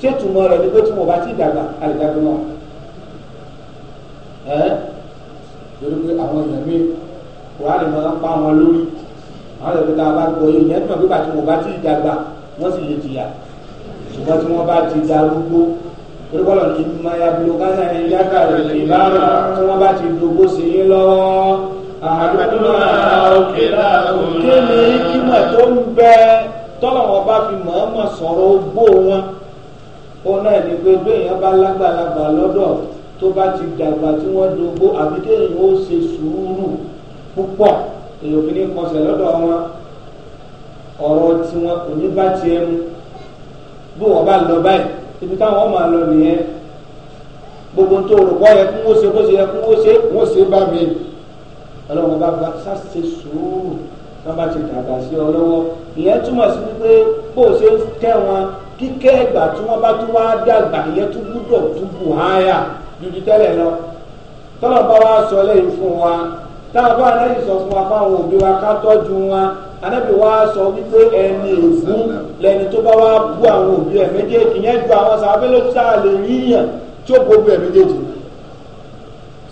ṣé tùmọ̀ rẹ̀ ni pé tí wọ́n bá ti dàgbà àlùdàgbà náà ẹ̀ lórí pé àwọn èèyàn mi kùránì máa ń pa wọn lórí àwọn èèyàn tá a bá gbọ́ yìí yẹn tó nígbà tí wọ́n bá ti dàgbà wọ́n sì lè jìyà ṣùgbọ́n tí wọ́n bá ti darúgbó torí bọ́lọ̀ ní mayablo kásán ẹ̀yìn yákàrẹ̀ ìbára tí wọ́n bá ti dogbo sí i lọ́wọ́ àdúrà òkè láàrú. kí ni ìmọ̀ tó ń bẹ tọ́lọ̀wọ́n bá fi mọ̀ọ́mọ̀ sọ̀rọ̀ ogbó wọn ó náà ní pé béèyàn bá lágbàlagbà lọ́dọ̀ tó bá ti dàgbà tí wọ́n dogbó àbí kéèyàn ó ṣe sùúrù púpọ̀ èyí òfin ní kọsẹ̀ lọ́dọ̀ wọn ọ̀rọ̀ tiwọn kò ní bá tiẹ̀ mu bí wọ́n bá lọ báyìí ibi táwọn máa lọ nìyẹn gbogbo tó rò kọ́ yẹ kó wọ́n ṣe bó ṣe yẹ kó wọ́n ṣe wọ́n ṣe bá mi ọlọ́run bá gba sáṣe sùúrù wọ́n bá ti dàgbà sí ọ lọ́wọ́ ìyẹn túmọ̀ sí wípé bó ṣe ń kẹ́ wọn kíkẹ́ ìgbà tí wọ́n bá tún wá dàgbà ìyẹn tún gbúdọ̀ tún bù háyà dúdú tẹ́lẹ̀ lọ tọ́lọ̀ bá wá sọ lẹ́yìn fún wa táwọn bá anábì sọ fún wa fáwọn òbí wa ká tọ́jú wa anábì wá sọ wípé ẹni ègún lẹni tó bá wá bú àwọn òbí ẹ̀ méjèèjì ìyẹn ju àwọn sàbẹ́lẹ́ tó sáà lè ríyàn tí ó gbogbo ẹ̀ méjèèjì ní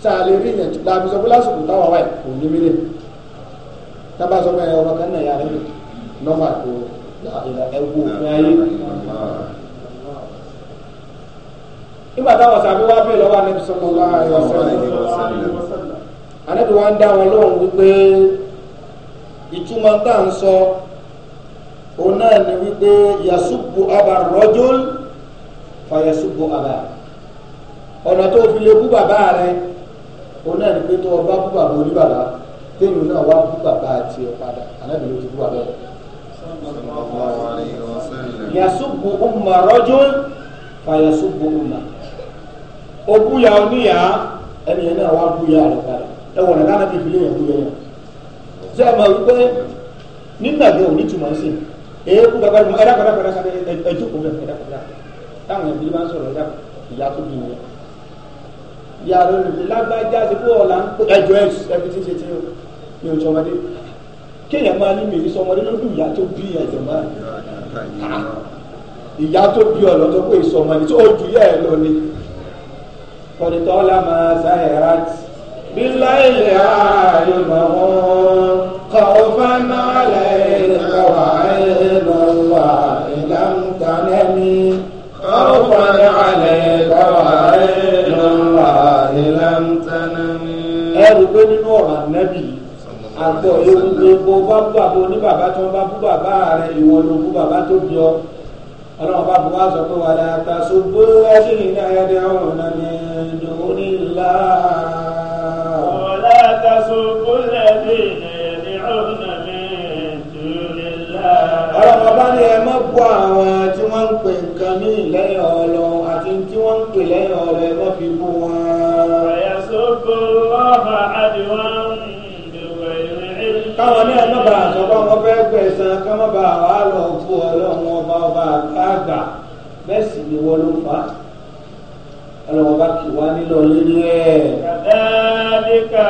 tá a lè rí yẹn láàbí sọ pé lásìkò táwa wáyé kò ní mílíọ̀n tábà sọ pé ọmọ kan náà yára nọ́mbà tó ẹwú òfin ayé. nígbà táwọn sàbí wá bẹ̀rẹ̀ lọ́wọ́ anábì sallallahu alaihi wasallam anábì wá ń dá wọn lóhùn wípé ìtumọ̀ tá à ń sọ òun náà ni wípé yasubu aba rajul fa yasubu aba ọ̀nà tó fi lè bú bàbá rẹ̀ òun náà ni pé tó o bá bú bàbá oníbàbá téèyàn náà wá bú bàbá àti ẹ̀ padà ló ti bú bàbá ẹ̀. yasubu umma rajul fa yasubu umma o búya oníyà ẹnìyẹn náà wá búya rẹ̀ padà ẹ wọ̀nà ká nàbí ìfìlẹ̀ yẹn búya yẹn. ṣé ẹ máa wípé nígbà yẹn ò ní túmọ̀ sí èé kú bàbá ẹ̀ dákọ̀dákọ̀dákọ̀ ẹ̀ jókòó rẹ̀ ẹ̀dákọ̀dákọ̀ táwọn ẹ̀bí bá ń sọ̀rọ̀ ẹ̀dákọ̀ ìyá tó bí wọn ìyá rẹ olùdí lágbájá ti kú ọ̀la ń pè ẹjọ́ ẹ̀ ẹbí tí ṣe tí ó ní ojú ọmọdé kéèyàn máa ní mèrí sọmọdé lọ́dún ìyá tó bí ẹ̀jẹ̀ máa ah! ìyá tó bí ọ̀lọ́ tó pè sọmọdé tó ojú yẹ ẹ lọ ni kọ́nitọ́lá máa sáyẹ̀rá bí láìlẹ̀ ààyè màá kọ́ ọ̀fẹ́ náà lẹ́yìn ìgbà wà á yẹ lọ. ẹ̀rí pé nínú ọ̀rọ̀ ànábì yìí àgbọ̀ ewu bá bú bàbá oníbàbá tó ń bá bú bàbá rẹ ìwọ ló bú bàbá tó bí ọ ọlọ́run bá bu sọ pé wàlẹ́ àtàṣe gbóyàṣì ní ayẹyẹ ọ̀rọ̀ náà ẹ̀dùn nílá. wàlẹ́ àtàṣe gbóyàṣì ní ayẹyẹ ọ̀rọ̀ náà ẹ̀dùn nílá. ọlọ́run bá ní ẹ má bú àwọn tí wọ́n ń pè nǹkan ní ìlẹ́yìn ọlọ́run àti tí wọ́n ń pè lẹ́yìn ọlọ́run ẹ má fi bú wọn. يرد الله عدوا káwọn náà má bàa sọ pé wọn fẹ́ gbẹ̀sán ká má bàa wà lọ fún ọlọ́run ọba ọba àgbà bẹ́ẹ̀ sì ni wọ́n ló fà á ọlọ́run ọba kì wá nílọ lórí ẹ̀. kàdáàdìkà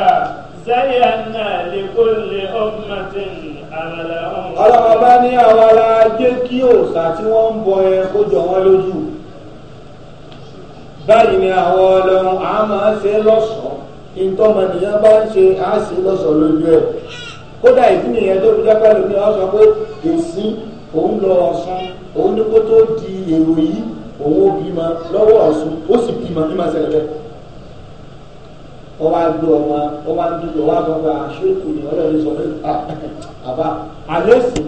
zayyana likulli ummatin amalahum. ọlọ́run ọba ní àwa la jẹ́ kí òòṣà tí wọ́n ń bọ ẹ kó jọ lójú báyìí ni àwọn ọlọ́run àmọ́ ṣe lọ́sọ̀ọ́ ìtọ́mọnìyàn bá ń ṣe àásì lọ́sọ̀ọ́ lójú ẹ̀ kódà ìdí nìyẹn tó fi jápẹ́ lómi wọn sọ pé èsì òun lọ ọ̀sán òun ní kó tó di èrò yìí òun ó bímọ lọ́wọ́ ọ̀sùn ó sì bímọ ní màsẹ̀ rẹ̀ ọba gbé ọmọ ọba dúdú ọba sọ pé àṣekù ni ọlọ́run sọ pé àbá alẹ́ sìn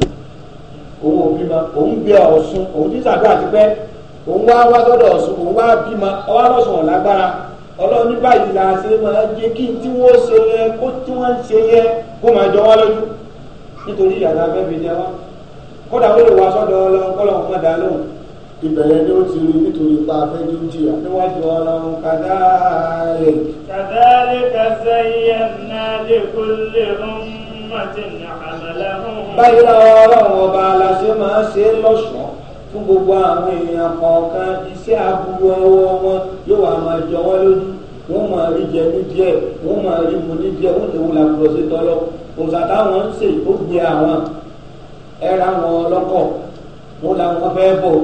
òun ò bímọ òun gbé ọ̀sùn òun ti sàdúrà ti pẹ́ òun wá wá sọ́dọ̀ ọ̀sùn òun wá bímọ ọwọ́ ọlọ́run ní báyìí là á ṣe máa jẹ́ kí tí wọ́n ṣe yẹ kó tí wọ́n ń ṣe yẹ kó máa jọ wọ́n lójú nítorí ìyàrá abẹ́bí ni wọ́n kódà ó lè wá sọ́dọ̀ ọlọ́run kọ́lọ̀ wọn dá lóhùn. ìbẹ̀rẹ̀ ni ó ti rí nítorí pa afẹ́jú jìyà. níwájú ọlọ́run kàdáàlè. kàdáàlè kàṣẹ iye náà lè kó lè rún mọ́tì ní àmàlà hàn. báyìí làwọn ọlọ́run ọba fún gbogbo àwọn èèyàn kọ̀ọ̀kan iṣẹ́ aburú ọwọ́ wọn yóò wà máa jọ wọ́n lójú wọ́n máa rí jẹ ní díẹ̀ wọ́n máa rí mu ní díẹ̀ wọ́n lè wò làkúrò sí tọ́lọ́ òòsà táwọn ń ṣe ó gbé àwọn ẹ̀rá wọn lọ́kọ̀ wọ́n làwọn fẹ́ bọ̀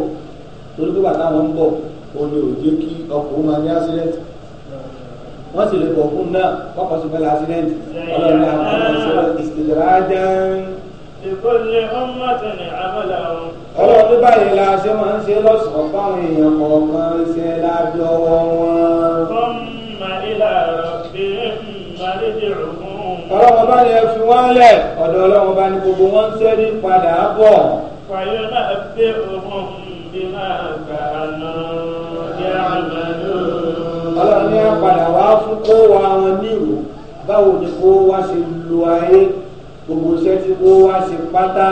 torí pé bàtà wọn ń bọ̀ ó ní òjé kí ọkùnrin máa ní accident wọ́n sì lè bọ̀ fún náà wọ́n kọ́ sí fẹ́ lásìlẹ́ǹtì ọlọ́run àti ọ̀sẹ̀ ìṣèlérà ọlọ́run ní báyìí la ṣe máa ń ṣe lọ́sàn-án fáwọn èèyàn kọ̀ọ̀kan ṣe lábẹ́ ọwọ́ wọn. ọlọ́run bá ní ẹ fi wọ́n lẹ̀ ọ̀dọ̀ ọlọ́run bá ní gbogbo wọn ń sẹ́rí padà bọ̀. fàyọ̀ náà gbé ohun bí máa gbà àná yá àgbàdo. ọlọ́run ní apàdà wá fún kó wa wọn ní ìwò báwo ni kó wá ṣe lu ayé gbogbo iṣẹ́ tí wọ́n wá ṣe pátá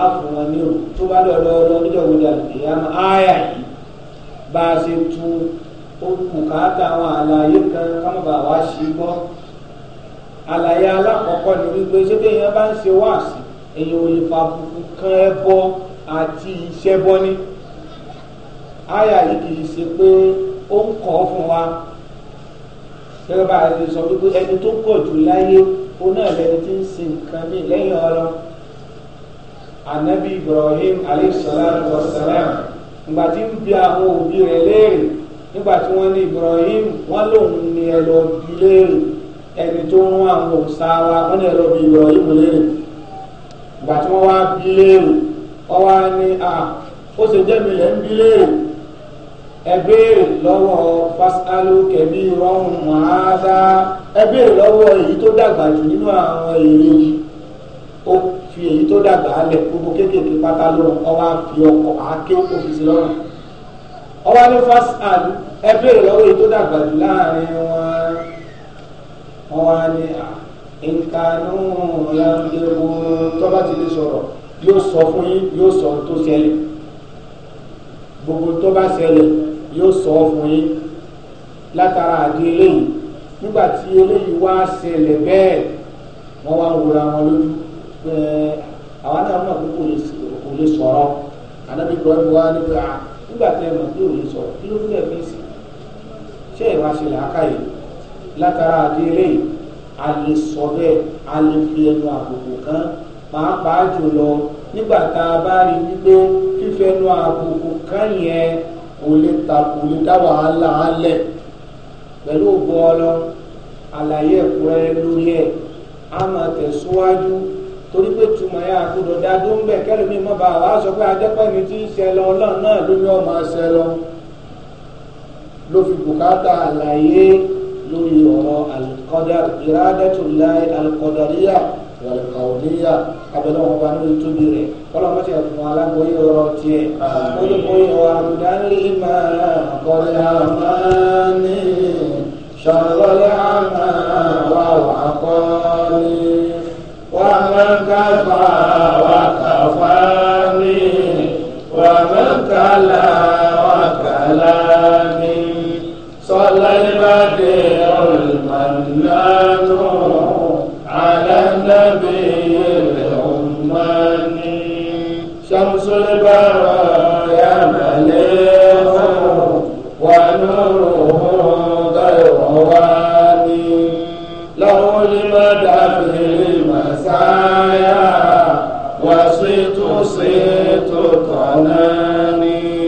á ní o tó bá dọ̀dọ̀ ọlọ́ níjọ́ wo ni yìí bá a ṣe tu olùkàtà àwọn àlàyé kan kámọ́bà wá ṣe gbọ́ àlàyé alákọ̀ọ́kọ́ ni wípé ṣé bí bá ń ṣe wáàsí èèyàn ò lè fa bubu kan ẹbọ àti iṣẹ́ bọ́ ní áyà yìí kì í ṣe pé ó ń kọ́ fún wa gẹ́gẹ́ bá a ṣe sọ wípé ẹni tó kọ̀ jù láyé ó náà lẹni tí ń sin nǹkan mí lẹ́yìn ọlọ anabi ibrahim aleyhisalaatu wasalaam ìgbà tí ń bi àwọn òbí rẹ̀ léèrè nígbà tí wọ́n ní ibrahim wọ́n lòun ní ẹ lọ léèrè ẹni tó ń rún àwọn òòṣà wọ́n ní ẹ lọ ibrahim léèrè ìgbà tí wọ́n wá bi léèrè wọ́n wá ní a ó ṣe jẹ́ mi lẹ́ ń bi léèrè ẹ béèrè lọ́wọ́ fasalu kẹbí rọrùn mọ́ádá ẹ béèrè lọ́wọ́ èyí tó dàgbà jù nínú àwọn èrè ó fi èyí tó dàgbà lẹ̀ gbogbo kéékèèké pátá lọ́rùn ọwọ́ àfi ọkọ̀ àáké òfìsí lọ́rùn ọwọ́ ní fasalu ẹ béèrè lọ́wọ́ èyí tó dàgbà jù láàrin wọn ọwọ́ ní ìkànnù yàgẹ̀wò tọ́ba ti lè sọ̀rọ̀ yóò sọ fún yín yóò sọ tó ṣẹlẹ̀ gbogbo tó bá ṣẹlẹ̀ yóò sọ fún yín látara àdé eléyìí nígbà tí eléyìí wá ṣẹlẹ̀ bẹ́ẹ̀ wọ́n wá wúra wọn lójú pé àwa náà mọ̀ pé kò lè sọ̀rọ̀ ànábi ibrahim wá nígbà nígbà tí ẹ mọ̀ pé kò lè sọ̀rọ̀ kí ló fún ẹ̀fín sí ṣé ìwà ṣe làákàyè látara àdé eléyìí a lè sọ bẹ́ẹ̀ a lè fi ẹnu àbùkù kan pàápàá jùlọ nígbà tá a bá rí wípé fífẹnu àbùkù kan yẹn kò lè ta kò lè dá wàhálà á lẹ̀ pẹ̀lú ògbó ọlọ àlàyé ẹ̀kúnrẹ́rẹ́ lórí ẹ̀ á máa tẹ̀síwájú torí pé túmọ̀ yẹn àkúdọ̀ dá dó ń bẹ̀ kẹ́lómi mọ́ bá wa sọ pé adẹ́pẹ́ni tí ń ṣẹlọ ọlọ́run náà lórí ọmọ ṣẹlọ ló fi bùkátà àlàyé lórí ọ̀rọ̀ alqadar iradatullahi alqadariya walqawliya abẹ́lẹ́ wọn bá nínú tóbi rẹ̀ ọlọ́mọ tí a fún wa alágbóyè ọ̀rọ̀ tiẹ̀ olùkóyè wa àbùdálì máa kọ́lé àmà ní sọ̀rọ̀lẹ́ àmà wà wà kọ́lé wà mẹ́ka fà wà kà fà. تدري المسايا وصيت صيت طناني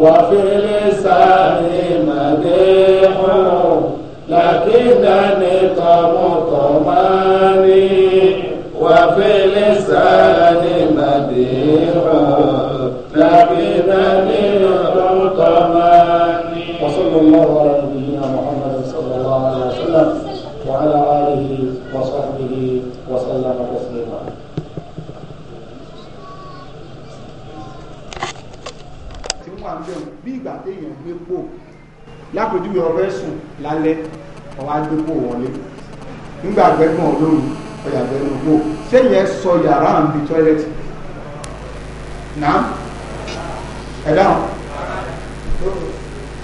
وفي لساني مديح لكنني طمطماني وفي لساني مديح لكنني طمطماني وصلى الله عليه gbépò lápèjúwe ọ̀rẹ́ sùn lálẹ́ ọwọ́ agbépò wọlé nígbà gbẹ́gbọ̀n olóru ọ̀yà gbẹ́gbọ̀n gbò sẹ́yìn ẹ sọ yàrá àǹbí tọ́lẹ́tì náà ẹ dáhùn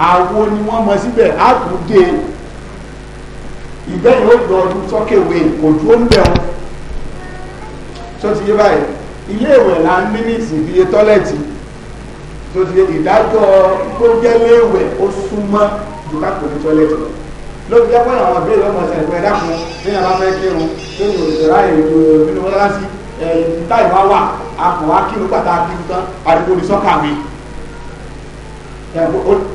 àwo ni wọ́n mọ síbẹ̀ àkùdé ìgbẹ́yìn ó gbọ́ ọdún sọ́kèwé kò dúró ń bẹ̀ wọn tó ti yé báyìí ilé ìwẹ̀ là ń ní ní ìsìn fi yé tọ́lẹ́tì tó ti lè ìdájọ́ tó jẹ́ léèwẹ̀ ó súnmọ́ ju ká kò ní tọ́lẹ́tì lọ lóbi jẹ́ pé àwọn ìbéèrè ọmọ ṣẹlẹ̀ pé ẹ̀dá kan ní àwọn afẹ́ kírun tó ní òṣèlú ráyè ètò ìbínú mọ́tàlásí ìta ìwá wà àpò akínú pàtà akínú tán àdúgbò ní sọ́kà mi.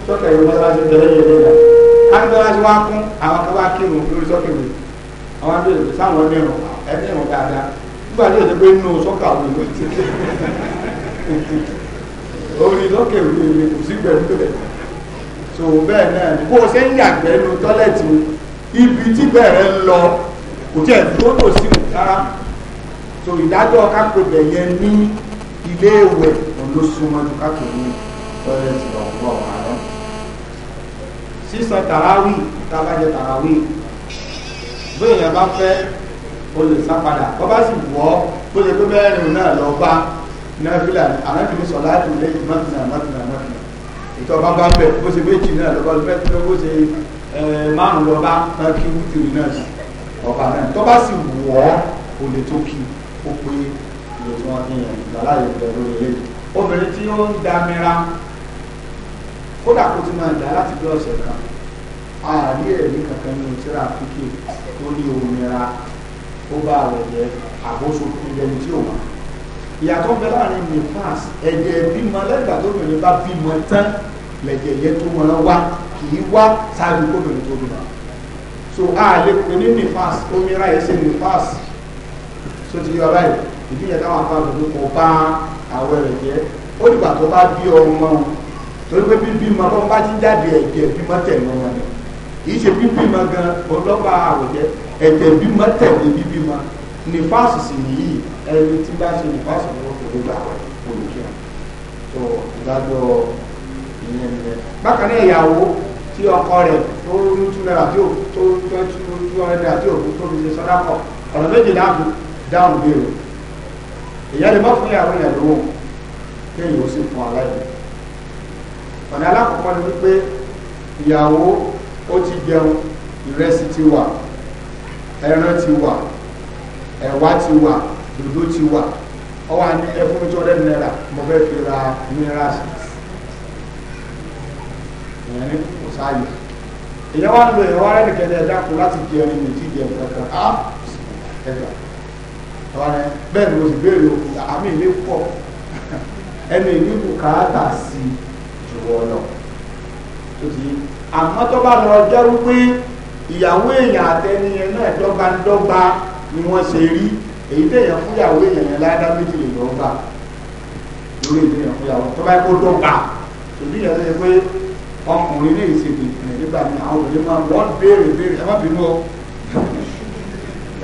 sọ́kà ìwé mọ́tàlásí tẹ̀lé yẹn lẹ́yìn náà mọ́tàlásí wá kún àwọn kan wá kírun lórí sọ́kà ìwé àwọn abẹ́rẹ́ ìwé sáwọn ẹgbẹ́rún ẹgbẹ́rún dáadáa nígbà tí òṣèlú pé nínú sọ́kà òwò orí lókè orí orí kò sí gbẹ̀rú bẹ̀rẹ̀ so bẹ́ẹ̀ náà bó o ṣe ń yàgbẹ́ nu tọ́lẹ̀tì ibi tí bẹ̀rẹ̀ ń lọ kò tí ẹ̀ dúró tò sí mi rárá so ìdájọ́ kápẹ́ bẹ̀ yẹn ní ilé ìwẹ̀ òun ló súnmọ́ ju kápẹ́ ní tọ́lẹ̀tì ọ̀pọ̀ àárọ̀ sísan tàràwì tábàjẹ tàràwì bóyá bá fẹ́ o lè sá padà bọ́ bá sì wọ́ bó ṣe pé bẹ́ẹ̀ ni náà lọ bá náfìlà àrántí ní sọ̀lá tó lé mọ́tìnà mọ́tìnà mọ́tìnà ètò ọba bá ń bẹ̀ bó ṣe méjì náà lọ́ba ló fẹ́ẹ́ tó bó ṣe márùn lọ́ba náà kí wútìrì náà sí ọba náà tó bá sì wọ̀ ọ́ lè tó kí ó pé ìlò tí wọ́n fi yàn ìgbàláyè pẹ̀lú ilé obìnrin tí ó ń da mìíràn kódà kó ti máa dà láti bí ọ̀sẹ̀ kan àárí ẹ̀rí kankan ní ìtura àfikè tó ní òmìnira ó bá rẹ̀ jẹ́ àbóso ìjẹun tí ò wọ́n ìyàtọ̀ bẹ láàrin nifas ẹ̀jẹ̀ bímọ lẹ́gbà tó bìnrin bá bímọ tán lẹ̀jẹ̀ yẹn tó wọn wá kì í wá sáré kóbìnrin tó bímọ so a lè pè ní nifas omi ra ẹ̀ ṣe nifas so ti yọ báyìí ìdí yẹn táwọn afáàlù ló kọ bá àwọn ẹ̀rẹ̀ jẹ́ ó dìgbà tó bá bí ọmọ torí pé bíbímọ tó bá ti jáde ẹ̀jẹ̀ bímọ tẹ̀lé wọn ni kì í ṣe bíbímọ gan ọlọ́pàá àwòjẹ ẹ̀jẹ̀ bímọ tẹ̀lé bíbímọ nípaṣì sì nìyí ẹni tí bá ṣe nípaṣì ni wọ́n fi lè gbà olùkíà tó ìdájọ́ ìyẹn ni bákan náà ìyàwó tí ọkọ rẹ̀ tó ń tún náírà tí ò tó ń tún tún náírà tí ò tó fi ṣe sọ́dá kọ ọ̀rọ̀ méjì láàbù dáhùn bí o ìyá lè má fún ìyàwó yẹn lówó kéèyàn ó sì fún aláìní ọ̀nà alákọ̀ọ́kọ́ ni wípé ìyàwó ó ti jẹun ìrẹsì ti wà ẹran ti wà ẹ̀wá ti wà dodo ti wà ọwọ́ àní ẹfún mi tí ọ̀rẹ́ náírà mo fẹ́ fi ra ìyẹn ní kò ìyẹn wà lóye rẹ̀ nìkan ẹ̀dá kù láti jẹ ẹni méjì jẹ kankan á ni mo sì béèrè òkú àmì ilé ẹni ìlú sí jùlọ lọ ni wọ́n ṣe rí èyí téèyàn fúyàwó èèyàn yẹn ládá méjì lè gbà lórí èèyàn fúyàwó tó bá yẹ kó dọ́gba tòbí yẹn lè pé ọkùnrin ní ìsìnkú nígbà mi àwọn òbí máa wọ́n béèrè béèrè ẹ má bínú o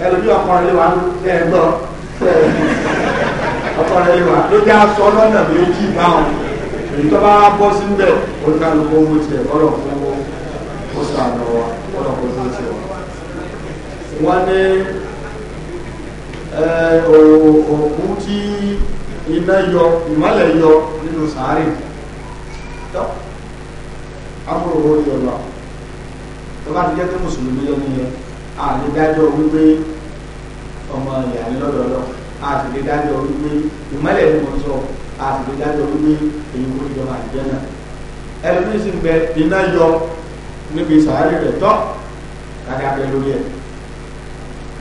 ẹlòmí ọkùnrin lè wà ẹgbọ́ ọkùnrin lè wà ló dé aṣọ lọ́nà méjì báwọn èyí tó bọ́ síbẹ̀ olùkàlùkọ owó tiẹ̀ ọlọ́ fún owó ó sàánà wa ọlọ́kùnrin ó tiẹ̀ wọ́n ní òkú tí iná yọ ìmọ́lẹ̀ yọ nínú sàárè tó amúròwò yọlọ tó bá ti jẹ́ pé mùsùlùmí yọ nìyẹn àlédájọ́ wípé ọmọ ìyàní lọ́dọọdọ́ àtìlédájọ́ wípé ìmọ́lẹ̀ ni mo sọ àtìlédájọ́ wípé èyí kò jọba àjẹ́ náà ẹlòmíín sì ń bẹ iná yọ níbi sàárè rẹ̀ tọ́ kàdé abẹ lórí ẹ̀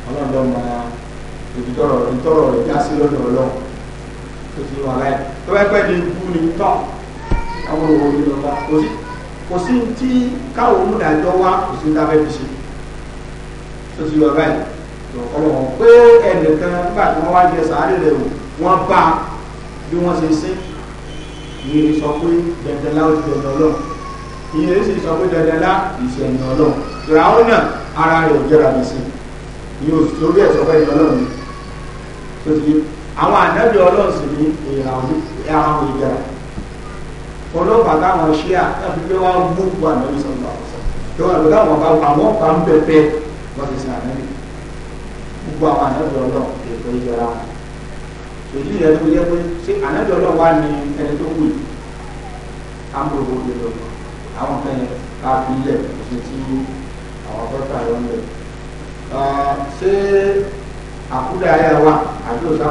ọlọ́dọ̀ máa ibi tọrọ ìtọrọ rẹ já sí lọ́dọ̀ Ọlọ́run tó ti wà láyé tó bá pẹ́ ní ikú ni tán àwọn òwò ni lọ́ba kò sí ti, sí tí káwọn onídàájọ́ wá kò sí tá a fẹ́ fi ṣe tó ti wà báyìí ọlọ́wọ́n pé ẹnìkan nígbà tí wọ́n wá jẹ sàárè rẹ̀ o wọ́n bá bí wọ́n ṣe sí ìyẹn sọ pé dandan láwọn ti dandan Ọlọ́run ìyẹn sì sọ pé dandan lá ìṣẹ̀yìn Ọlọ́run ìràwọ̀ náà ara rẹ̀ ò jẹ́ra mi sí i yóò lórí ẹ̀sọ́ fẹ́ ìyẹn tó ti àwọn ànábì ọlọ́run sì ní ìhàwọn ìjẹra ọlọ́pàá táwọn ṣe à láti pé wọ́n mú bu ànábì sọ̀rọ̀ àwọ̀sọ̀ tó wà lọ́dọ̀ àwọn bá àwọn ọ̀pá ń bẹ̀bẹ̀ wọ́n ti sin ànábì gbogbo àwọn ànábì ọlọ́run ètò ìjẹra wọn èyí yẹn tó yẹ pé ṣé ànábì ọlọ́run wà ní ẹni tó wù yìí amúlòpọ̀ òde lọ àwọn kan yẹn ká fi lẹ̀ òṣèlú àwọn bọ́tà lọ́nà ṣé àkúdà ayé wa àbí òsà.